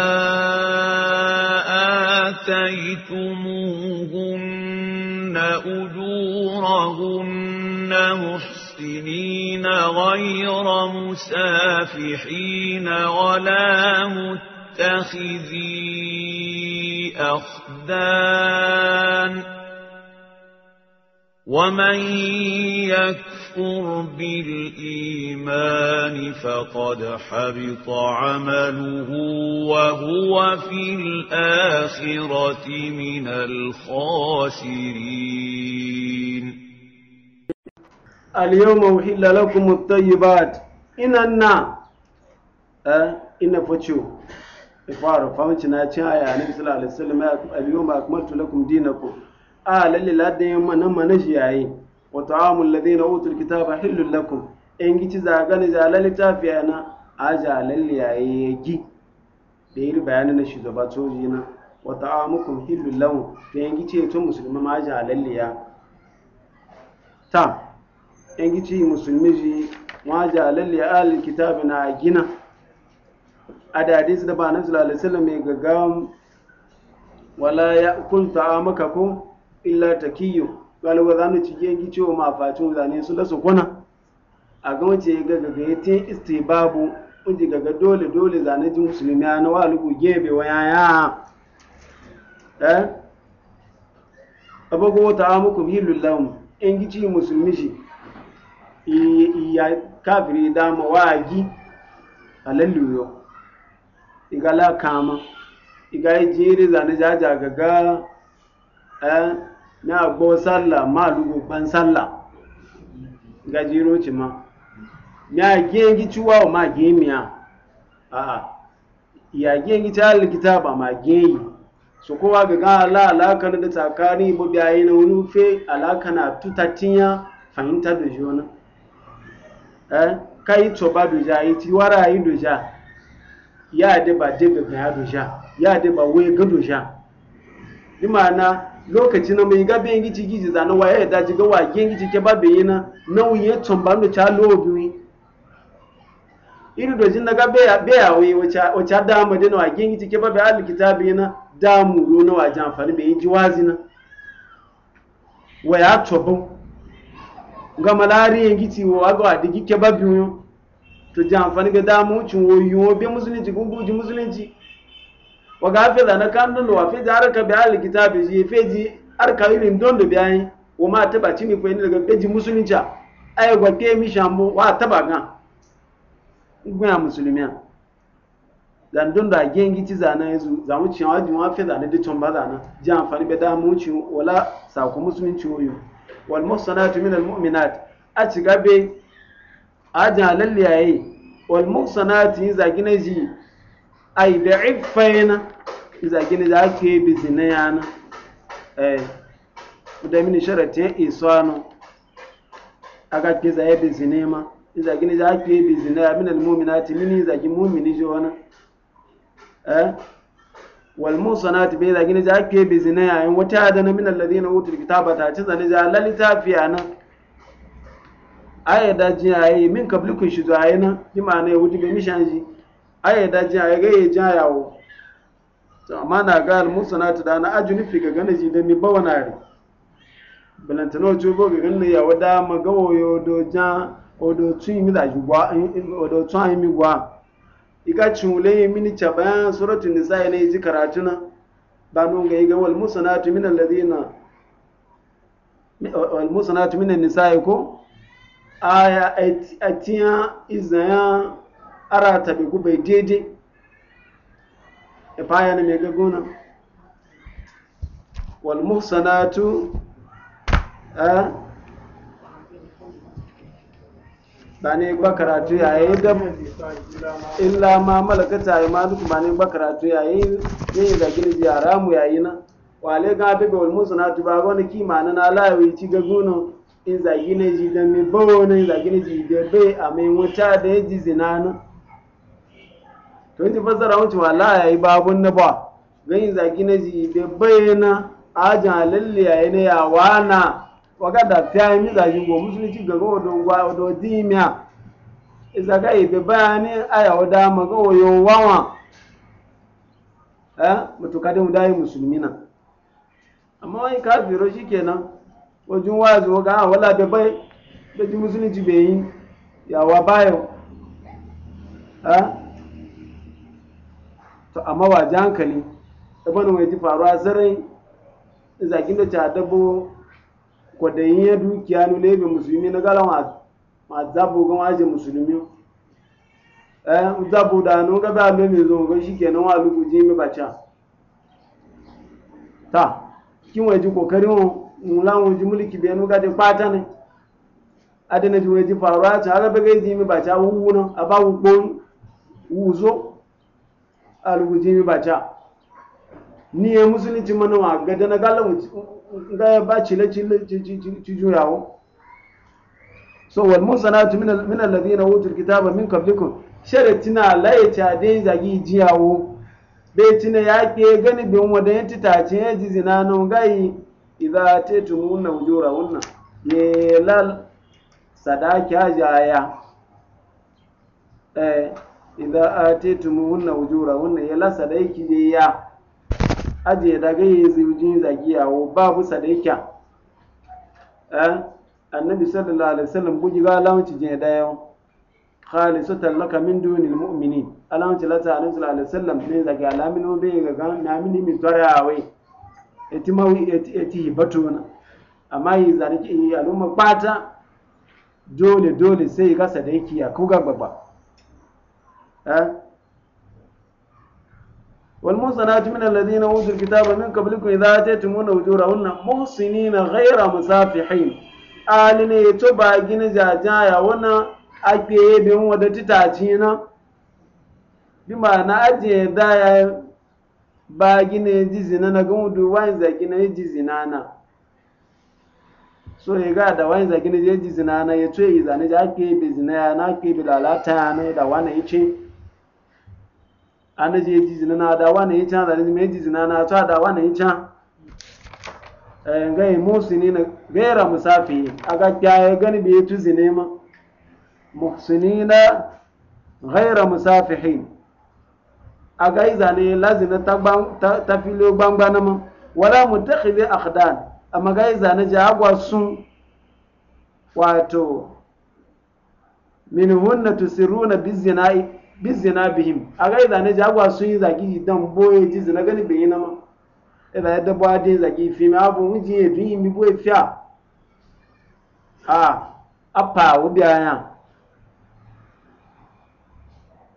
آتيتموهن أجورهن محسنين غير مسافحين ولا متخذي أخدان ومن يكفر بالإيمان فقد حبط عمله وهو في الآخرة من الخاسرين اليوم أحل لكم الطيبات إن النا إن آه، فتشو إفارة فهمتنا يا آيَةً. النبي صلى الله عليه وسلم اليوم أكملت لكم دينكم a lalle ladan mana mana shi yayi wa ta'amul ladina utul kitaba hillul lakum en gici zagane za lalle tafiya na aja lalle yayi gi da yi bayanin na shugaba toji na wa ta'amukum hillul lahum to en gici to musulma ma aja lalle ya ta en gici musulmi ji ma aja lalle al kitabi na gina Adadi da ba na sallallahu alaihi wasallam ga gam wala ya kun ta'amaka ko illa takiyu galiba za mu cike gi cewa ma facin zane su da su kuna a ga wace ga ga ga te istibabu unji ga ga dole dole zane ji musulmi na wa lugu gebe wa yaya eh abubuwa wata amukum hilul lahum in gici musulmi shi iya kafiri dama wa gi lalluyo igala kama igai jere zane jaja gaga eh na gbo sallah ma lugu ban sallah gajiro ci ma ya gengi ciwa ma gemiya a ya gengi ta alkitaba ma geyi so kowa ga ga ala alaka da tsakani bu biyayi na wani fe alaka na tutatinya fahimta da jona eh kai to ba ja yi ti wara yi ja ya de ba de ga ya ja ya de ba we ga ma na. lokaci na mai gabe yin gici gici zane wa ya daji ga wa gen gici ke babe yi na nauyin tumba da ta lobi iri dojin na gabe ya be ya wai wace a dama da wa gen gici ke babe a likita be yi na damu ro na wajen amfani bai yi jiwazi na wa ya tobo ga malari yin gici wa aga a digi ke babe yi to ji amfani ga damu cin woyi wo be musulunci gugu ji musulunci waga hafiza na kanun wa fi da harka bi ahli kitabi ji feji harka irin don da biyan wa ma taba cini fa ni daga feji musulunci ay gwa ke mi shambo wa taba ga gwa musulmiya dan don da gengi ci zana yanzu za mu ci waji mu hafiza na diton ba zana ji amfani be da mu ci wala sako musulunci oyo wal muhsanatu minal mu'minat a ci gabe a jalalliyaye wal muhsanatu zagi na ji ay da'ifayna iza gini da ake bi zina yana eh da mini sharati isano aga ke za bi zina ma iza gini da ake bi zina ya minal mu'minati mini iza gi mu'mini jo wana eh wal musanati bi iza gini da ake bi zina ya in wata adana minal alladhina utul kitaba ta ci zani za lalita fiyana aya da ji ayi min kablikun shi zo ayi na bi ma'ana ya bi mishanji aya da ji aya ga ya ja yawo to amma na ga ta da na ajuni fi ga ganaji da ni bawanari balantano jubo ga ganna ya wada magawo yo do ja odo tun mi da jugwa odo tun ayi mi gwa iga chule mi ni chaba suratul nisa ne ji karatu na ba nun ga ga wal musanatu min alladhina wal musanatu min an-nisa'i ko aya atiya izaya arata bai gubai daidai ya e faya na mai gagona walmuhsanatu a ba ne ba karatu yayi da illa ma ta yi ma duk ba ne ba karatu yayi ne da gidi yara mu yayi na wale ga be bol musanatu ba wani kimana na lawi ci gagona in zagi ne ji da mi bawo ne zagi ne ji da be a me wuta da ji zinana to yi fassara wuce wala ya yi babun na ba yi zaki na ji bai bayyana ajin halalle ya yi na yawa na waka da ta yi mi zaki go musulunci ga gawa don gwa wado dimiya isa ka yi da bayanin aya da ma gawa yau wawa eh mutuka da mudayi musulmi na amma wani kafiro shi kenan wajen wazi waka wala bai bai da ji musulunci bai yi yawa bayo eh to amma ji hankali ibn mai ji faruwa zarai zakin da ta dabo kwadayin ya dukiya nu lebe musulmi na gala ma zabo ga waje musulmi eh zabo da no ga ba me me zo ga shikenan wa lugu ji me bacha ta kin waje kokarin mu lawon ji mulki be no ga de pata ne adana ji waje faruwa ta ga ba ga ji me bacha wuwu no aba wugo wuzo alwujubi bata ni ya musulunci manawa gada na gala ga ya ba cile ci juyawo so wal musanatu min alladhina utul kitaba min qablikum sharatina la ya dai zagi jiyawo bai tina ya ke gani bin wadan ya ce ya ji zina nan gai idza tatumuna wujura wannan ye lal sadaka jaya eh idza ya lasa yala yake ne ya aje daga yi zujin wa babu sadaika eh annabi sallallahu alaihi wasallam buji ga launci je dayo khalisatan laka min dunil mu'minin alaunci lata annabi sallallahu alaihi wasallam ne zagi alamin obe ga ga na min mi torawe etimawi eti eti batuna amma yi zaniki al'umma kwata dole dole sai ga sadaiki ya ga babba والمحصنات من الذين اوتوا الكتاب من قبلكم اذا اتيتمون اجورهن محصنين غير مسافحين آلين يتوبا جاجا يا ونا أكيه بهم ودتتاتينا بما انا اجي دايا باجين جزنا نقوم دوان زاكين جزنا أنا so ya ga da wani zagin je jizina na ya ce izani ja ke bizina na ke bilalata ne da wani ya ana je ji zina na da wani yi can zane mai ji zina na ta da wani yi can eh, gai musini na gaira musafi a ga kyaye gani bai tu zine ma musini na gaira musafihi a ga yi zane lazina ta filo gbangbana ma wala mu ta khili akhdan amma ga yi zane jagwa sun wato min hunna tusiruna bizina'i bi zina bihim a ga zane ji agwa sun yi zagi dan boye ji zina gani bi yana ma ida ya dabo adin zagi fi mi abu mu ji edu yi mi boye fi a a apa wo bi aya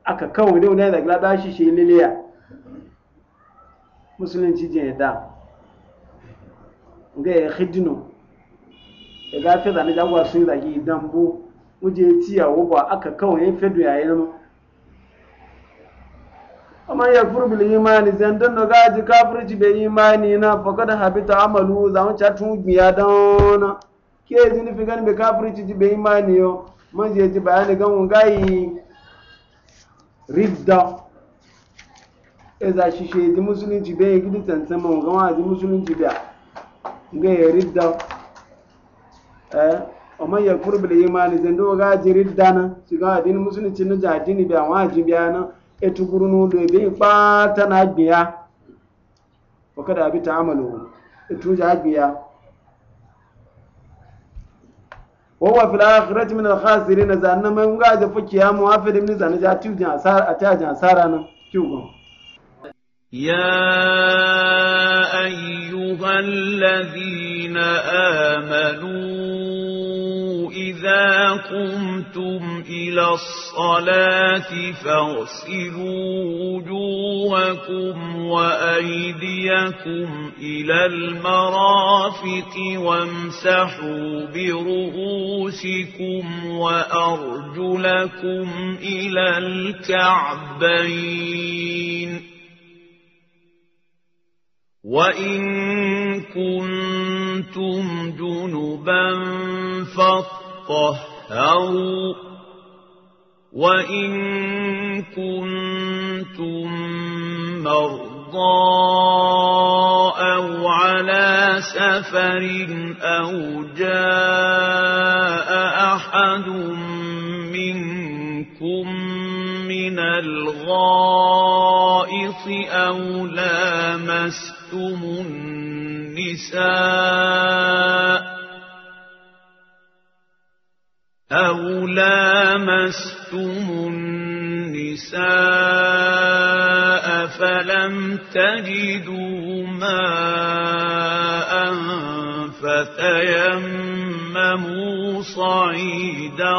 aka kawo ne wani zagi lada shi shi liliya musulunci jin da ga ya hidino ya gafe zane ji agwa sun yi zagi dan bo mu je tiya wo ba aka kawo ya fi fedu yayin ma kamar ya furu bil imani zan dan no gaji kafirci bai imani na fakad habita amalu zan mu tun biya dona ke zin fi gan be kafirci ji bai imani yo man je ji bayani gan mun gayi ridda e za shi she ji musulunci bai gidi tantan mun gan wa ji musulunci biya ga ya ridda eh amma ya furu bil imani zan do gaji ridda na shiga addinin musulunci na jadi ni biya wajibi biya na etukurunu lobe kpata na agbiya waka da abita amalu etuja agbiya wawa fil akhirati min al khasirin zanna man ga da fuki ya muwafid ibn zanna ja tujin asara atajan asara nan kyugo يا أيها الذين آمنوا إذا قمتم إلى الصلاة فاغسلوا وجوهكم وأيديكم إلى المرافق وامسحوا برؤوسكم وأرجلكم إلى الكعبين وإن كنتم جنبا فاطلوا تطهروا وإن كنتم مرضى أو على سفر أو جاء أحد منكم من الغائط أو لامستم النساء أو لامستم النساء فلم تجدوا ماء فتيمموا صعيدا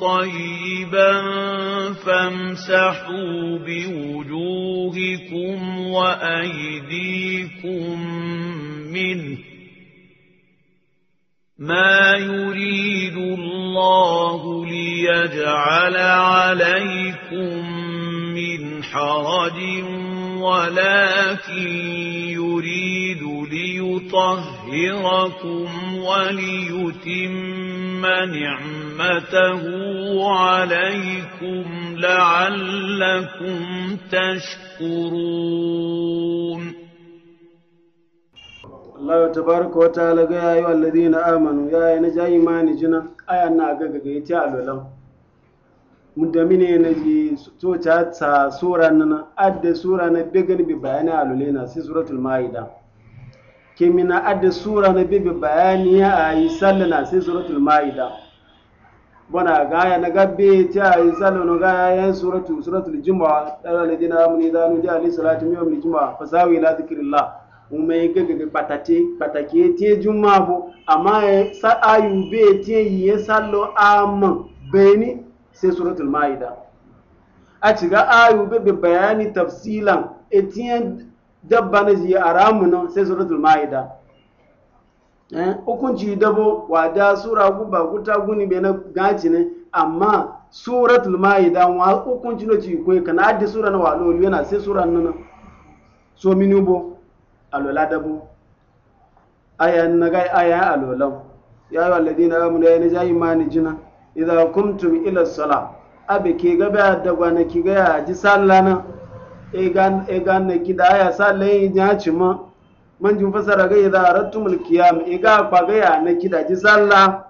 طيبا فامسحوا بوجوهكم وأيديكم منه ما يريد الله ليجعل عليكم من حرج ولكن يريد ليطهركم وليتم نعمته عليكم لعلكم تشكرون Allah tabaraka wa ta'ala ga yayi Ladina amanu ya yi na jayi mani jina aya na ga ga yace alolan mudamine na ji to ta ta sura nan adda sura na began bi bayani na sai suratul maida kemina adda sura na bi bayani ya ayi sallana sai suratul maida bana gaya na gabbe ta yi sallano gaya yan suratu suratul juma'a alladhina amanu idza nudiya lis salati yawmil juma'a fasawi ila dhikrillah ume yi gagaga pataki ya tiye juma bu amma e, sa ayu be ya tiye yi ya sallo amman bayani sai suratul ma'ida a ciga be bayani tafsilan ya tiye dabba na ji a ramunan se suratul ma'ida eh, hukunci dabo wada sura guba guta guni bai na gaci ne amma suratul ma'ida wa hukunci no ci koyi kana addi sura na walolu yana sai sura nuna so minubo alola dabu aya na ga aya alolan ya yi walladin na da ya nija imani jina idan kumtum ila sala abe ke gaba ya da gwana ki gaya a ji sallah na e gan e na ki da aya sallah yi ya ci ma man jin fasara ga idan mulkiya qiyam e ga ba ga ya na ki da ji sallah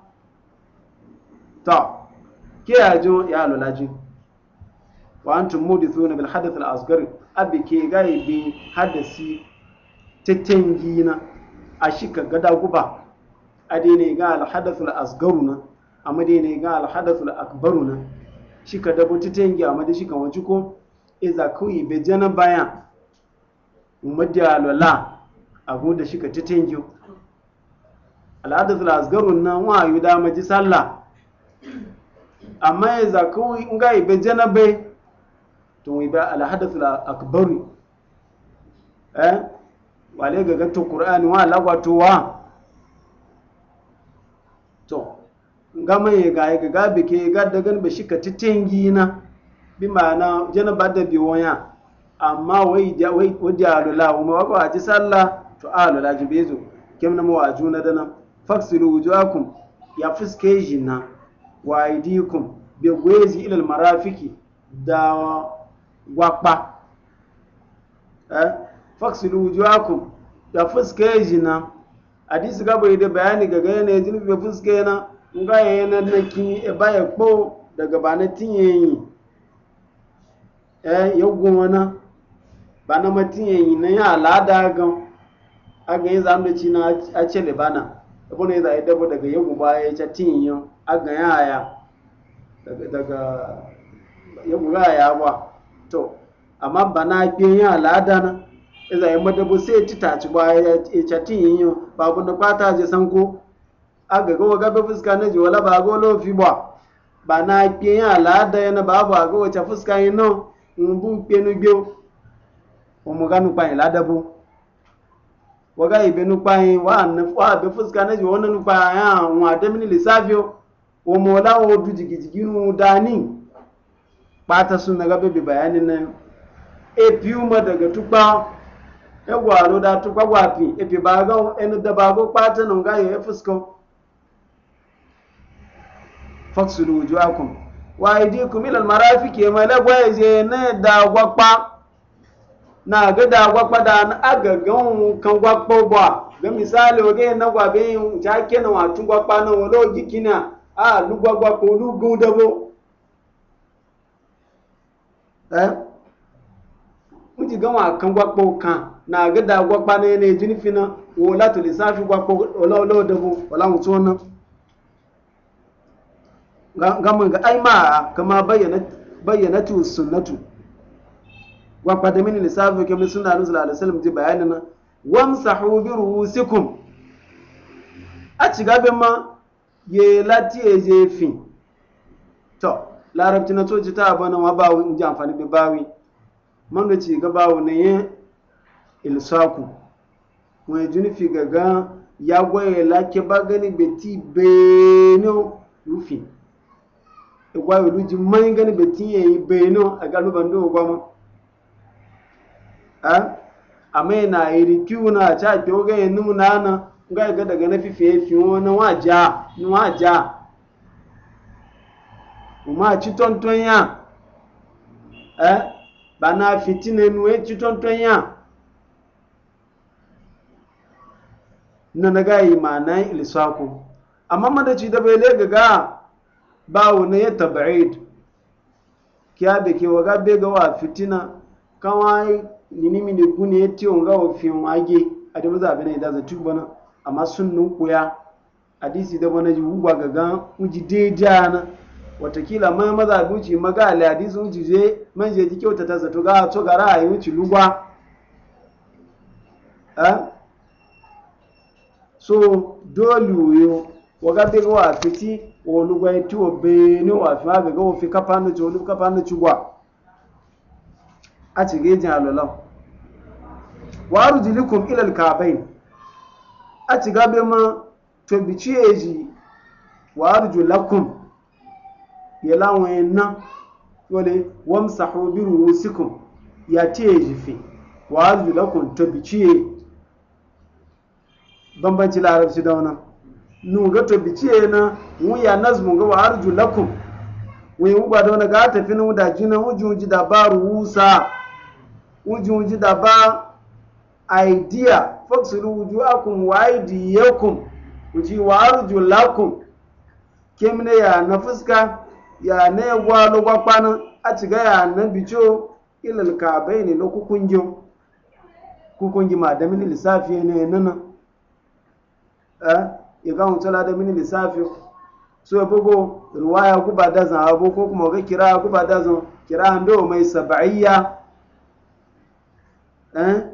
ta ke ya jo ya alola ji wa antum mudithuna bil hadath al asghar abe ke gaya bi hadasi Tattangina a shi ka gada guba a daina ga alhadathul asgaru na a madaina ga alhadathul akbaru na shi ka dabo tetengi amma da shi ka wanci ko iza kuyi be jana baya umadiya lola abu da shi ka tetengi alhadathul asgaru na wa yu da maji sallah amma iza kuyi nga bai jana bai to ibe alhadathul akbaru eh wale ga to ƙur'ani wa lagwatowa to gama ya ga ga ga bike ga da shi, ka shika titengi na bi ma'ana jana ba da bi ya. amma wai da wai wadiya alula wa wa ba ji sallah to alula ji bezo kem na wa juna dana faksilu wujuhakum ya fuske jina wa aidikum bi gwezi ilal marafiki da gwakpa eh faksilu wujuhakum ya fuska ya jina hadisi gaba yi da bayani ga gane ne jini bai fuska yana nga ya yana na kini e baya kpo daga ba na tinye yi eh ya gona ba na matinye yi na ya alada gan aga yi zamu ci na a le bana abu ne za a yi dabo daga ya guba ya ca tinye aga ya haya daga ya guba ya ba to amma bana ke ya alada na iza ya madabu sai ci taci ba ya cati yin yi ba kuna kwata je san ko a gaga wa gabe fuska na ji wala ba ga lofi ba ba na ke yin al'ada yana ba ba ga wace fuska yin nan in bu penu biyo o mu ganu pa yin ladabu wa ga ibe nu pa yin wa na wa be fuska na ji wona nu pa ya won ademini lisafio o mo la o du jigijigi nu dani pata sun na gabe bi bayanin nan e biyu ma daga tukpa e gwaro da tu kwagwafi e fi bago en da bago kwata nan ga ya fusko faksulu wujuhakum wa aydikum ila almarafiqi ma la gwaje ne da gwakpa na ga da gwakpa da na agagan kan gwakpa ba ga misali oge na gwabe yin ta na wa tun gwakpa na wala gikina a lugwagwa ko lugun dabo eh wuti gan wa kan gwakpo kan na ga da gwakpa na yana jini fina wo la to lissafi gwakpo ola ola da bu ola mutu na ga mun ga ai ma kama bayyana bayyana bayyanatu sunnatu gwakpa da mini lissafi ke mun sunna nusul alaihi wasallam ji bayanin na wamsahu bi ruusikum a ci gabe ma ye lati e je fin to larabci na toji ta bana ma bawi in ji amfani bi bawi manga ci gaba wani yin ilsaku wani fi gaga ya gwaye lake ba gani beti beno rufi igwa yi luji mai gani beti yayi beno a galuban do gwama a amma yana yi rikiyu na ca kyau ga yi nuna na ga ga daga na fifiye fiyo wani waja na waja ma ci tonton ya eh bana fitina nu ci ya na ga imana ilsaku amma ma da bai lega ga ba wani ya tabaid kiya da ke waga be ga wa fitina kawai ni nimi ne gune ya tiyon ga wa wage a da maza abin da zai tubana amma sun nun kuya hadisi da bana ji wugwa ga ga uji daidai na watakila ma maza buci maga aladi sun cije man je ji kyauta ta zato ga to gara a yi wuce lugwa so dole yo waga bi wa fiti o lugwa ti o bene wa fi ma ga o fi kapa na jo lugwa kapa na chugwa a ci ge jin alolan wa arjulikum ila alkabain a ci gabe ma to eji wa arjulakum ya láwọn wọlé wọ́n sàkó bí rúru síkùn ya èyí fi wàá zùlọ́kùn tóbi chíye bambanci larabci da wannan nuga tóbi chíye na wọ́n ya nazmu ga wàá da wani na wudaji na da ba ruwusa wujunji da ba idea na fuska ya ne wa lo gwa a ci ga ya nan bicho ilal ka bai ne lo kukunjo kukunji ma e da mini lissafi ne nana eh ya ga tsala da mini lissafi so ya ruwaya riwaya guba da zan abu ko kuma ga kira guba da zan kira ando mai sab'iyya eh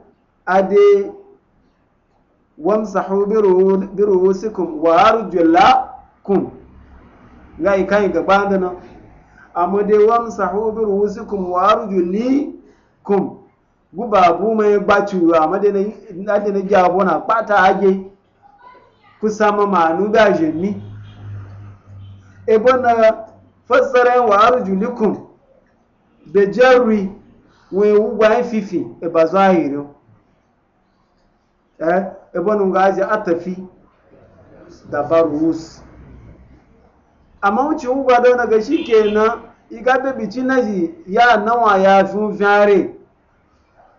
ade wamsahu bi ruhusikum wa arjulakum gai kai ga banda na amma dai wamsahu bi ru'usikum wa bu babu mai bacu amma dai na da na jabo na pata age kusa ma manu da jenni e bona fassara wa kum da jarri we ugwa fifi e bazahiro eh e bona ngaje atafi da barus amma wuce ba da wani shi kenan iga da bici na ji ya nawa ya sun fare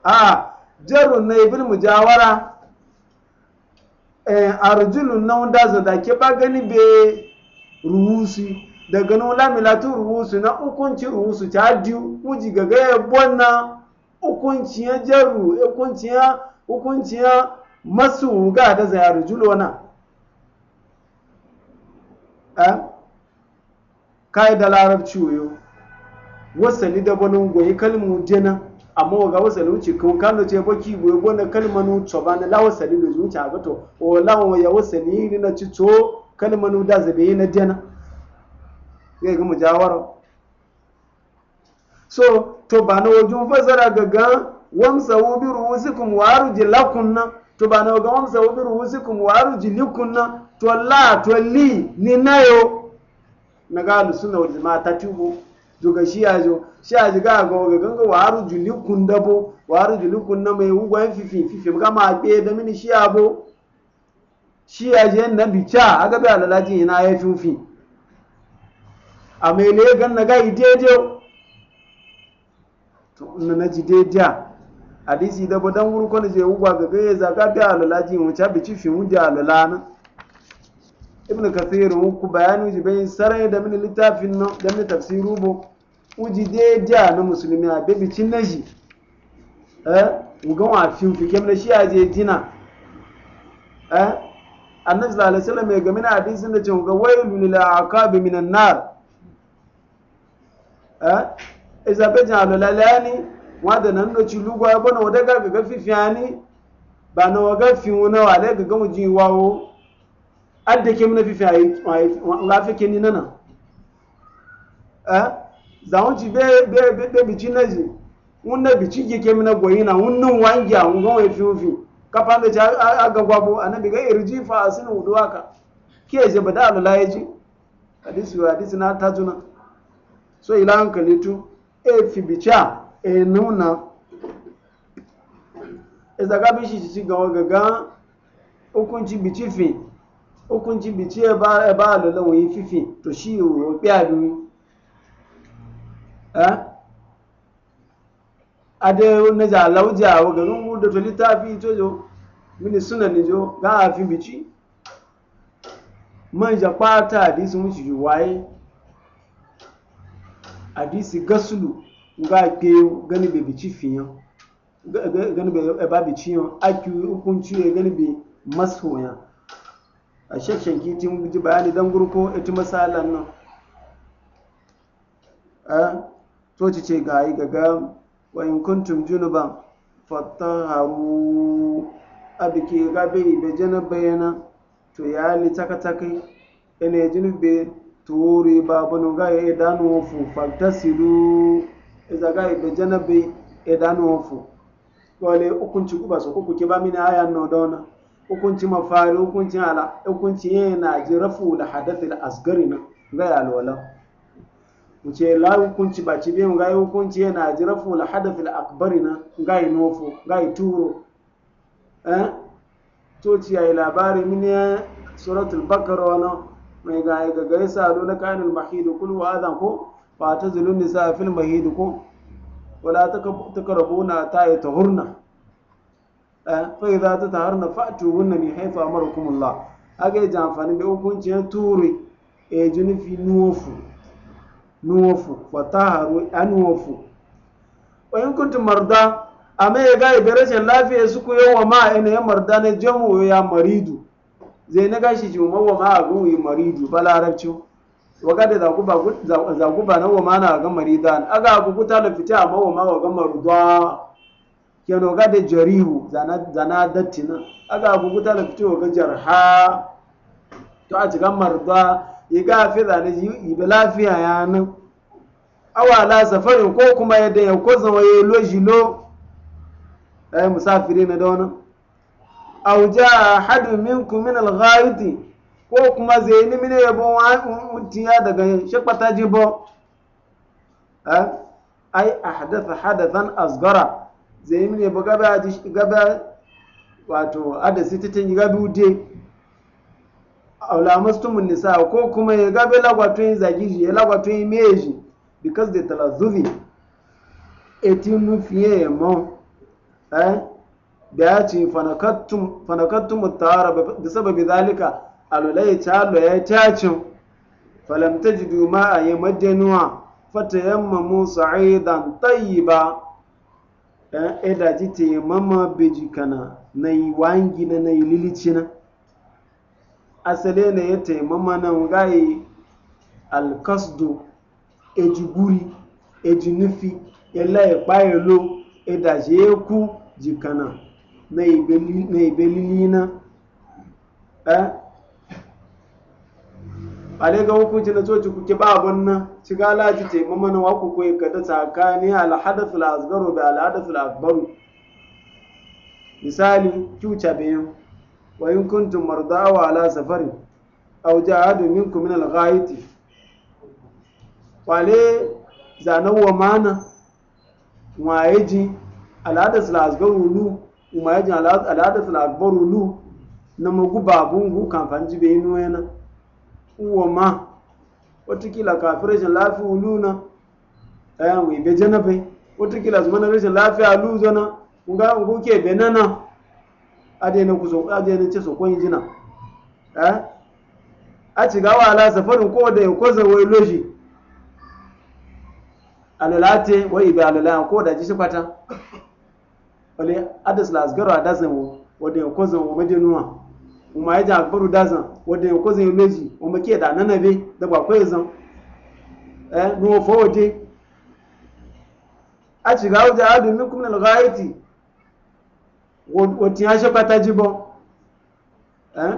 a jaru na ibin mujawara eh, arjulun na wanda zada ke ba gani be ruhusi daga nan lamilatu ruhusu na hukunci ruhusu ta diyu muji gaga ya bonna hukunci ya jaru hukunci ya hukunci ya masu ga da zai arjulona eh kai da larabci wayo wasali da banin goyi kalmu jena amma waga wasali wuce kan kan ce baki goyi gona kalmanu to ba na lawasali da zuci a gato o lawo ya wasali ni na ci to kalmanu da zabe na jena ga ga mujawara so to ba na wajen fasara gaga wamsa wubi ruwusikum wa arjilakum na to ba na waga wamsa wubi ruwusikum wa arjilakum na to la to li ni nayo na galu suna wani ma ta tubo zuga shi ya zo shi ya jiga ga ga ganga wa haru juli kun bo wa haru juli kun na mai ugwa fifi fifi ga ma be da mini shi ya bo shi ya je na bica aga bi alalaji ina ya fifi a mai gan na ga ideje to na na ji deja hadisi da badan wurkon je ugwa ga ga ya zaga bi alalaji mu ta bici fi mu da alalana ibn kathir ku bayani uji bai sarai da mini littafin nan da mini tafsiru bo uji na musulmi a bebi cin na shi eh wa fin fi kemna shi aje jina eh annabi sallallahu alaihi wasallam ya ga mini hadisin da ce ga wailu lil aqabi minan nar eh iza be lalani wa da nan do ci lugwa bono adda ke mina fifi ayi nga fi ke ni nana eh zawon ci be be be bici na ji un na bici ke ke mina goyi na un wangi a un gonwe fi fi kafa da ta aga gwabo annabi ga irji fa asin wuduwaka ke je bada alula yaji hadisi wa hadisi na tajuna so ila hankali tu e fi bica e nuna e zaga bishi ga gawa gaga hukunci bici fi hukuncin bici ya e ba ya e ba lalawun yi fifi to shi yi wa biya eh? biyu a da na ja lauja wa garin fi jojo mini suna ni jo ga a fi bici man ja kwata hadisi mun shi waye hadisi gasulu ga ke gani be bici fiyan gani be e ba bici yan aki hukunci gani be masoyan a shashen kitin ji bayani don gurko ita misalan nan a toci ce ga yi gaga wa in kuntum junuban fattaharu abike gabe da jana bayana to ya ni taka taka ene junube turi babanu ga ya idanu wofu fantasiru iza ga ibe jana be idanu wofu wale hukunci ku ba su kuku ke ba mini ayan nodona hukunci mafari hukunci ala hukunci yana ji rafu da hadafi da asgari na ga yalwala mu ce la hukunci ba ci biyan ga hukunci yana ji rafu da hadafi da akbari na ga nofo ga turo eh to ci yayi labari mini ya suratul bakara wana mai ga ga ga yasalu na kanil mahid kul wa adan ko fa tazulun nisa fil mahid ko wala takrabuna ta hurna. fai za ta taru na fa'atu hunna mai a mara kumulla aka yi jamfani da hukuncin turi e junufi nuwofu nuwofu wa taharu a nuwofu wayan kuntu marda a mai ya gaya da rashin lafiya su ku yawa ma a yanayin marda na jamu ya maridu zai na gashi jimawa ma a gunwi maridu ba larabci waga da zaguba na wa ma na ga maridan aga guguta da fita a mawa ma wa ga marudu keno ga da jarihu zana dattina aga guguta da fito ga jarha to a cikin marda yi fi zane yi bi lafiya ya nan awala safari ko kuma yadda ya ko zama ya lo jilo ɗaya eh, musafiri na A wani auja hadu minku min alghariti ko kuma zai ni mine yabo mutiya daga shakpata jibo eh, ai ahdatha hadathan asgara zai mine ba gaba gaba wato adasi ta tangi gabi A aula mustumun nisa ko kuma ya gabe lagwato yin zagiji ya lagwato yin meji because the talazuvi etinu fiye mo eh da ya ce fanakattum mutawara da sababi zalika alulai ta lo ya tacin falam tajidu ma ya madanuwa fatayammamu sa'idan tayyiba Eh, eda ji te mama beji kana na yi wangi na na yi lilici na asali na ya te mama na ngayi alkasdo eji guri eji nufi ila ya lo eda ji eku ji kana na ibe lili na ale ga hukunci na coci kuke ba abun nan ci ga lati ce mamana wa ku koyi kada tsakani al hadath al asgaru bi al hadath al akbar misali kyuca bayan wa in kuntum marda wa ala safari aw ja'adu minkum min al ghaiti wale zanan wa mana wa yaji al hadath al asgaru lu wa yaji al hadath al akbar lu na magu babun gu kan fanji bayin yana uwa ma watakila kafin rashin lafiya luna ɗaya mai bai janafai watakila su mana rashin lafiya luzana nga nguke benana adena kuzo adena ce so koyin jina eh. a ci gawa ala safarin ko da ko za wai loji alalate wa ibe alala ko da ji shifata wale adas la asgaru adas mu wa da ko madinuwa uma ya jakbaru dazan wadda ya kwazo ya meji o make um da be da ba kwaye zan eh no fo waje a ci gawo da adu min kuma al-ghaiti ya shafa ta jibo eh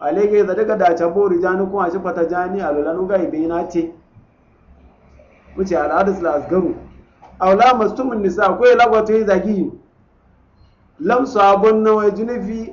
alege da daga da ta bori jani kuma shafa ta jani alulanu ga ibe na ce wuce al'adus la asgaru aula tumin nisa ko ya lagwato yi zagi lam sabon nawa e junufi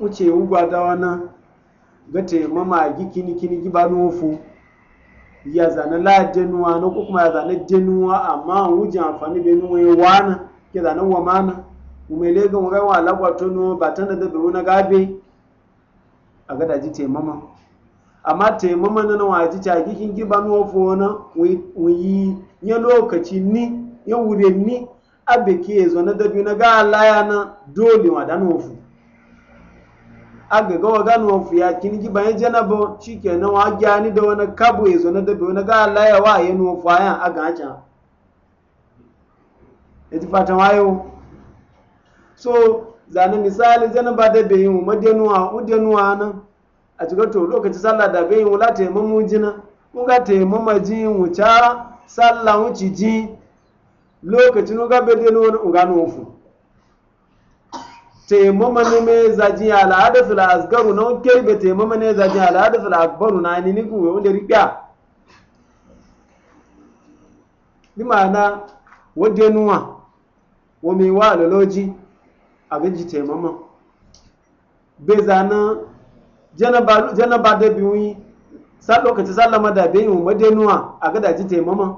wuce wugwa da wani gata mama gi kini kini gi nufu ya zana la denuwa na ko kuma ya zana denuwa amma wuje amfani nuwa ya wana ke zana wa mana umele ga wa wa lagwa to no ba tana da be wona gabe a ga da ji te mama amma te mama na wa ji ta gikin giba nufu wana wuyi ya lokaci ni ya wure ni abe ke zo na dabi na ga alaya na dole wa da nufu Aga ga gano wa fuya kin gi bayan janabo shikenan wa ni da wani kabu ya zo na dabe wani ga Allah ya wa ya no fuya a ga can wayo so zane misali janaba da be wa a to sallah da be yin wala jina ga sallah ji lokacin ga be ga fu taimama ne mai zajin al'adasu al'asgaru na wanke be taimama ne zajin al'adasu al'akbaru na ni niku wai wanda riƙya bi ma'ana wadda nuwa wa mai wa aloloji a gaji taimama bai zana janaba da biyu sa lokaci sallama da biyu wadda ya madenuwa a gadaji taimama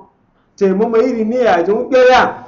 taimama iri ne a jin ya.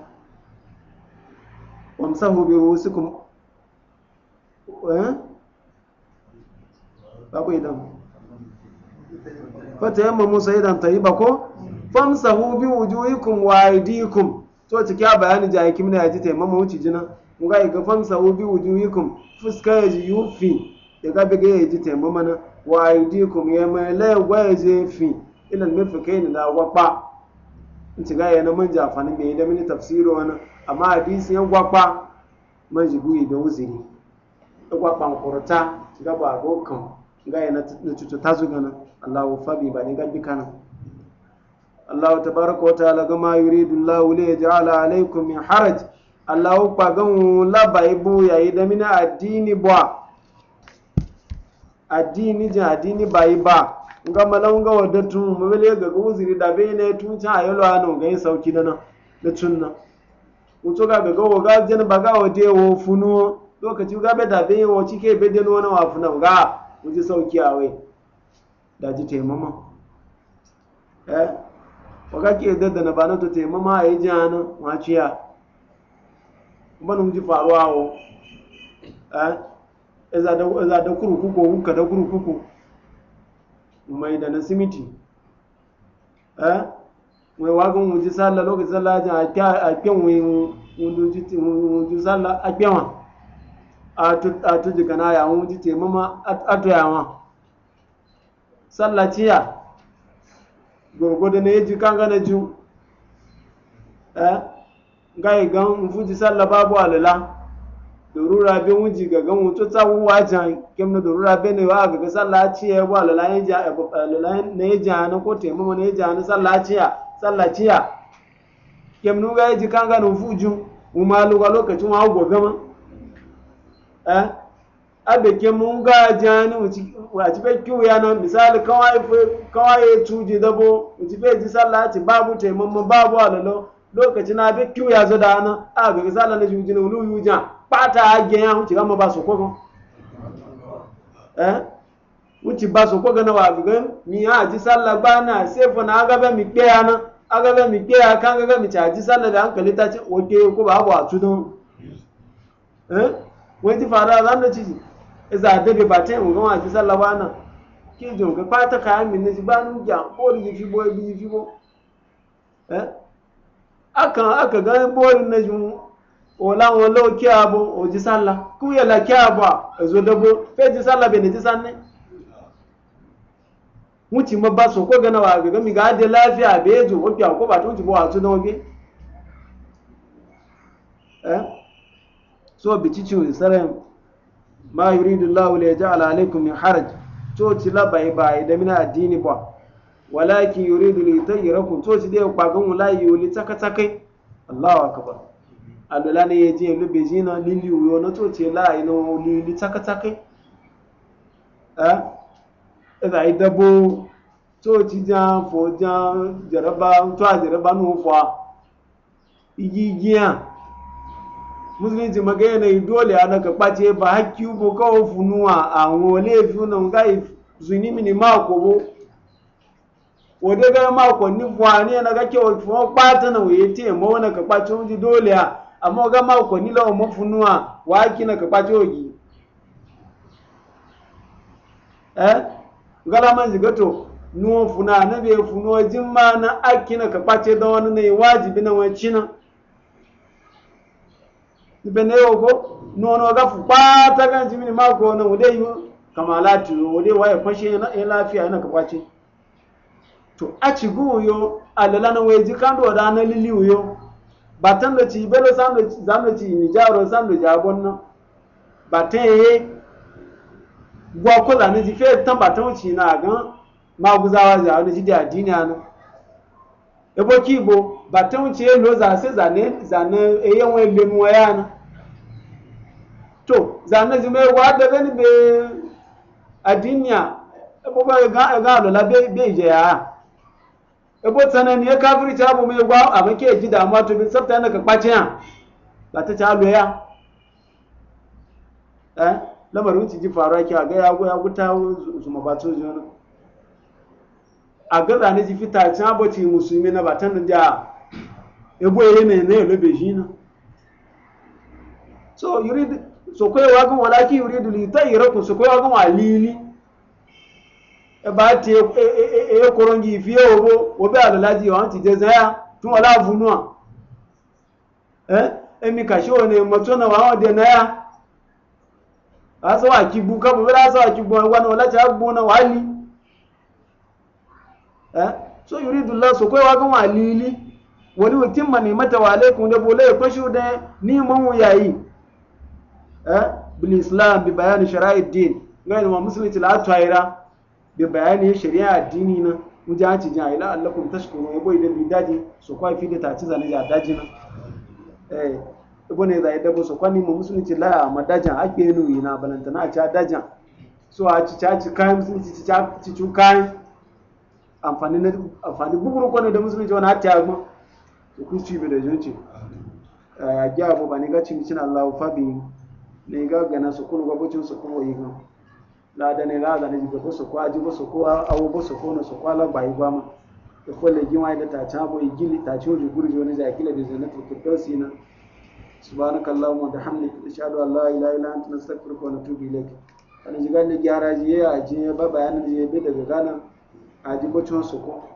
wamsahu bi rusikum eh babu idan fata yamma musa idan tayyiba ko famsahu bi wujuhikum wa aydikum to ciki ya bayani ja yakim na yaji taimama wuci jina mun ga ga famsahu bi wujuhikum fuska yaji yufi ya ga bege yaji taimama na wa aydikum ya mai la waje fi ila al mirfaqain la waqba in ci ga yana manja fani me da mini tafsiro wannan amma hadisi gwagba gwakwa majigui da uziri ya gwagba nkurta ga ba gokan ga na cuta zuga nan allahu fabi ba ne gabi kana allahu tabaraka wa ta'ala gama yuridu allahu li yaj'ala alaykum min haraj allahu pa gan la baibu yayi da mina addini ba addini jin addini yi ba nga malan ga wadatu mabele ga uziri da bai ne tun ta a yalwa anu ga sauki na da tunna mutu ga ga gawo ga jin ba ga te wo funu lokaci ga be da be wo cike be den wona na eh, wa funa ga muji sauki a wai da ji taimama eh waga ke da na na to taimama a yi jihana maciya bana muji faruwa wo eh eza da eza da kurkuku ka da kurkuku mai da na simiti eh wai wagon wuji sallah lokacin sallah ajin a kyan wuji sallah a kyanwa a tuji kana ya wuji ce mama a tuyawa sallah ciya gwargwado na yaji kan gana ju eh gai gan fuji sallah babu alala dorura bin ji ga gan wuto tsawu wajen kemna dorura bin ne wa ga sallah na wa alala yaji alala na yaji ana ko taimama na yaji ana sallah ciya sallaciya kemnu ga yaji kan gano fuju umalu ga lokacin wa ma eh abe kemnu ga jani wa ci fe kiwu ya nan misali kawai fe kawai tuji dabo ci fe ji sallaci babu taimamma babu alalo lokacin na fe kiwu ya zo da a ga misali na juji na ulu yuja pata age ya huci gama ba eh wuci ba na wa ga mi ha ji na sefo na mi pe aka ga mi ke aka ga ga mi caji sallah da hankali ta ce oke ko ba ba tudun eh wai ti fara zan da ci e za da be ba ta mu ga ma ci sallah ba nan ki jo ga fata kayan min ne ba nu ja ko ri fi boy bi fi bo eh aka aka ga boy na ju ola won lo ki abo o ji sallah ku ya a ki abo ezo dabo fe ji sallah be ne ji sanne wuce ma ba so ko gana wa ga gami ga da lafiya be ya zo wafi ko ba ta wuce ba wasu na wafi eh? so bi ci ciwo sarai ma yuridu Allah la yaj'al alaykum min haraj to ci la bai bai da mina addini ba walakin ta li tayyirakum to ci dai kwagan wala yuli taka takai Allahu akbar alula ne yaji yalu bejina lili uyo na to ci la ina lili taka takai eh ɛza yi dabo tsoci jan fo jan jaraba to a jaraba nu fa igigiya musulunci maga yanayi dole a daga kpace ba hakki ubo kawo funuwa a wole funa nga zuni mini mako bo wode ga mako ni fuwa ni yana ga kewa fuwa kpata na wuye te ma wani ka kpace wunji dole a amma ga mako ni lawa a wa haki na ka kpace wagi eh ngala man jiga to nuwa funa na bai funo jin ma na akina ka kwace don wani na yi wajibi na wani cina ibe na yau ko nono ga fu ta gan jimin mako na wude yi kama lati wude waye kwashe ya lafiya yana ka kwace to a ci guyo alala na wai ji kando da na lili uyo batan da ci belo sando ci ni jaro sando jagon nan batan yi gwa ko zane ji fe tamba ta ci na gan maguzawa za wani ji da addini ana ebo ki bo ba ta wuce za lo zane zane eye wani le e ya na to zane ji mai wa da gani be addini ebo e ba e ga ga lo la be be je ya ebo tsanani ya kafiri ta bu mai gwa amma ke ji da ma to bin sabta na ka kwace ba ta ta lo ya eh lamarin wuce ji faruwa ke a ga ya goya guta zuma ba tun ji wani a ga zane ji fita can abaci musulmi na ba tan da ebo ere ne ne lobe shi na so yurid so koyi wagon walaki yuridu li tayraku so koyi wagon alili e ba ti e e e, e, e, e korongi fi obo obe alalaji o anti jezaya tun wala vunua eh emi kasho ne motona wa ode na ya aso wa kibu ka bo bela aso wa kibu wa no la cha bu na wali eh so yuridu allah so ko wa gan walili wani wutin ma ne mata wa alaikum da bole ko shi de ni mun yayi eh bil islam bi bayan shara'id din ngai ma musulunci la tayira bi bayani shari'a addini na mun ji haci jan ila allakum tashkuru yabo idan bi daji so kwa fi da ta ci zane ja daji na eh ibone zai da buso kwani mu musulunci la ma ake yinu ina balantana a cha dajan so a ci ci kayan musulunci ci ci ci kai amfani na amfani buguru kwani da musulunci wani hatta ma to ku ci bi da junci eh ya bo bani ga ci cin Allah fa bi ne ga gana su kunu ga bucin su kuma yi la da ne la da ne ko su ko aji su ko a ko su ko na su kwala bai ba ma da kwalle gima da ta ta bo gili ta ci oju gurjo ne da kila da zanatul firdausi na subhanakallahumma wa da ashhadu an la ilaha illa anta astaghfiruka wa atubu ilaik ana jigan da gyara je a je ba bayanin je be daga gana a ji bacin ko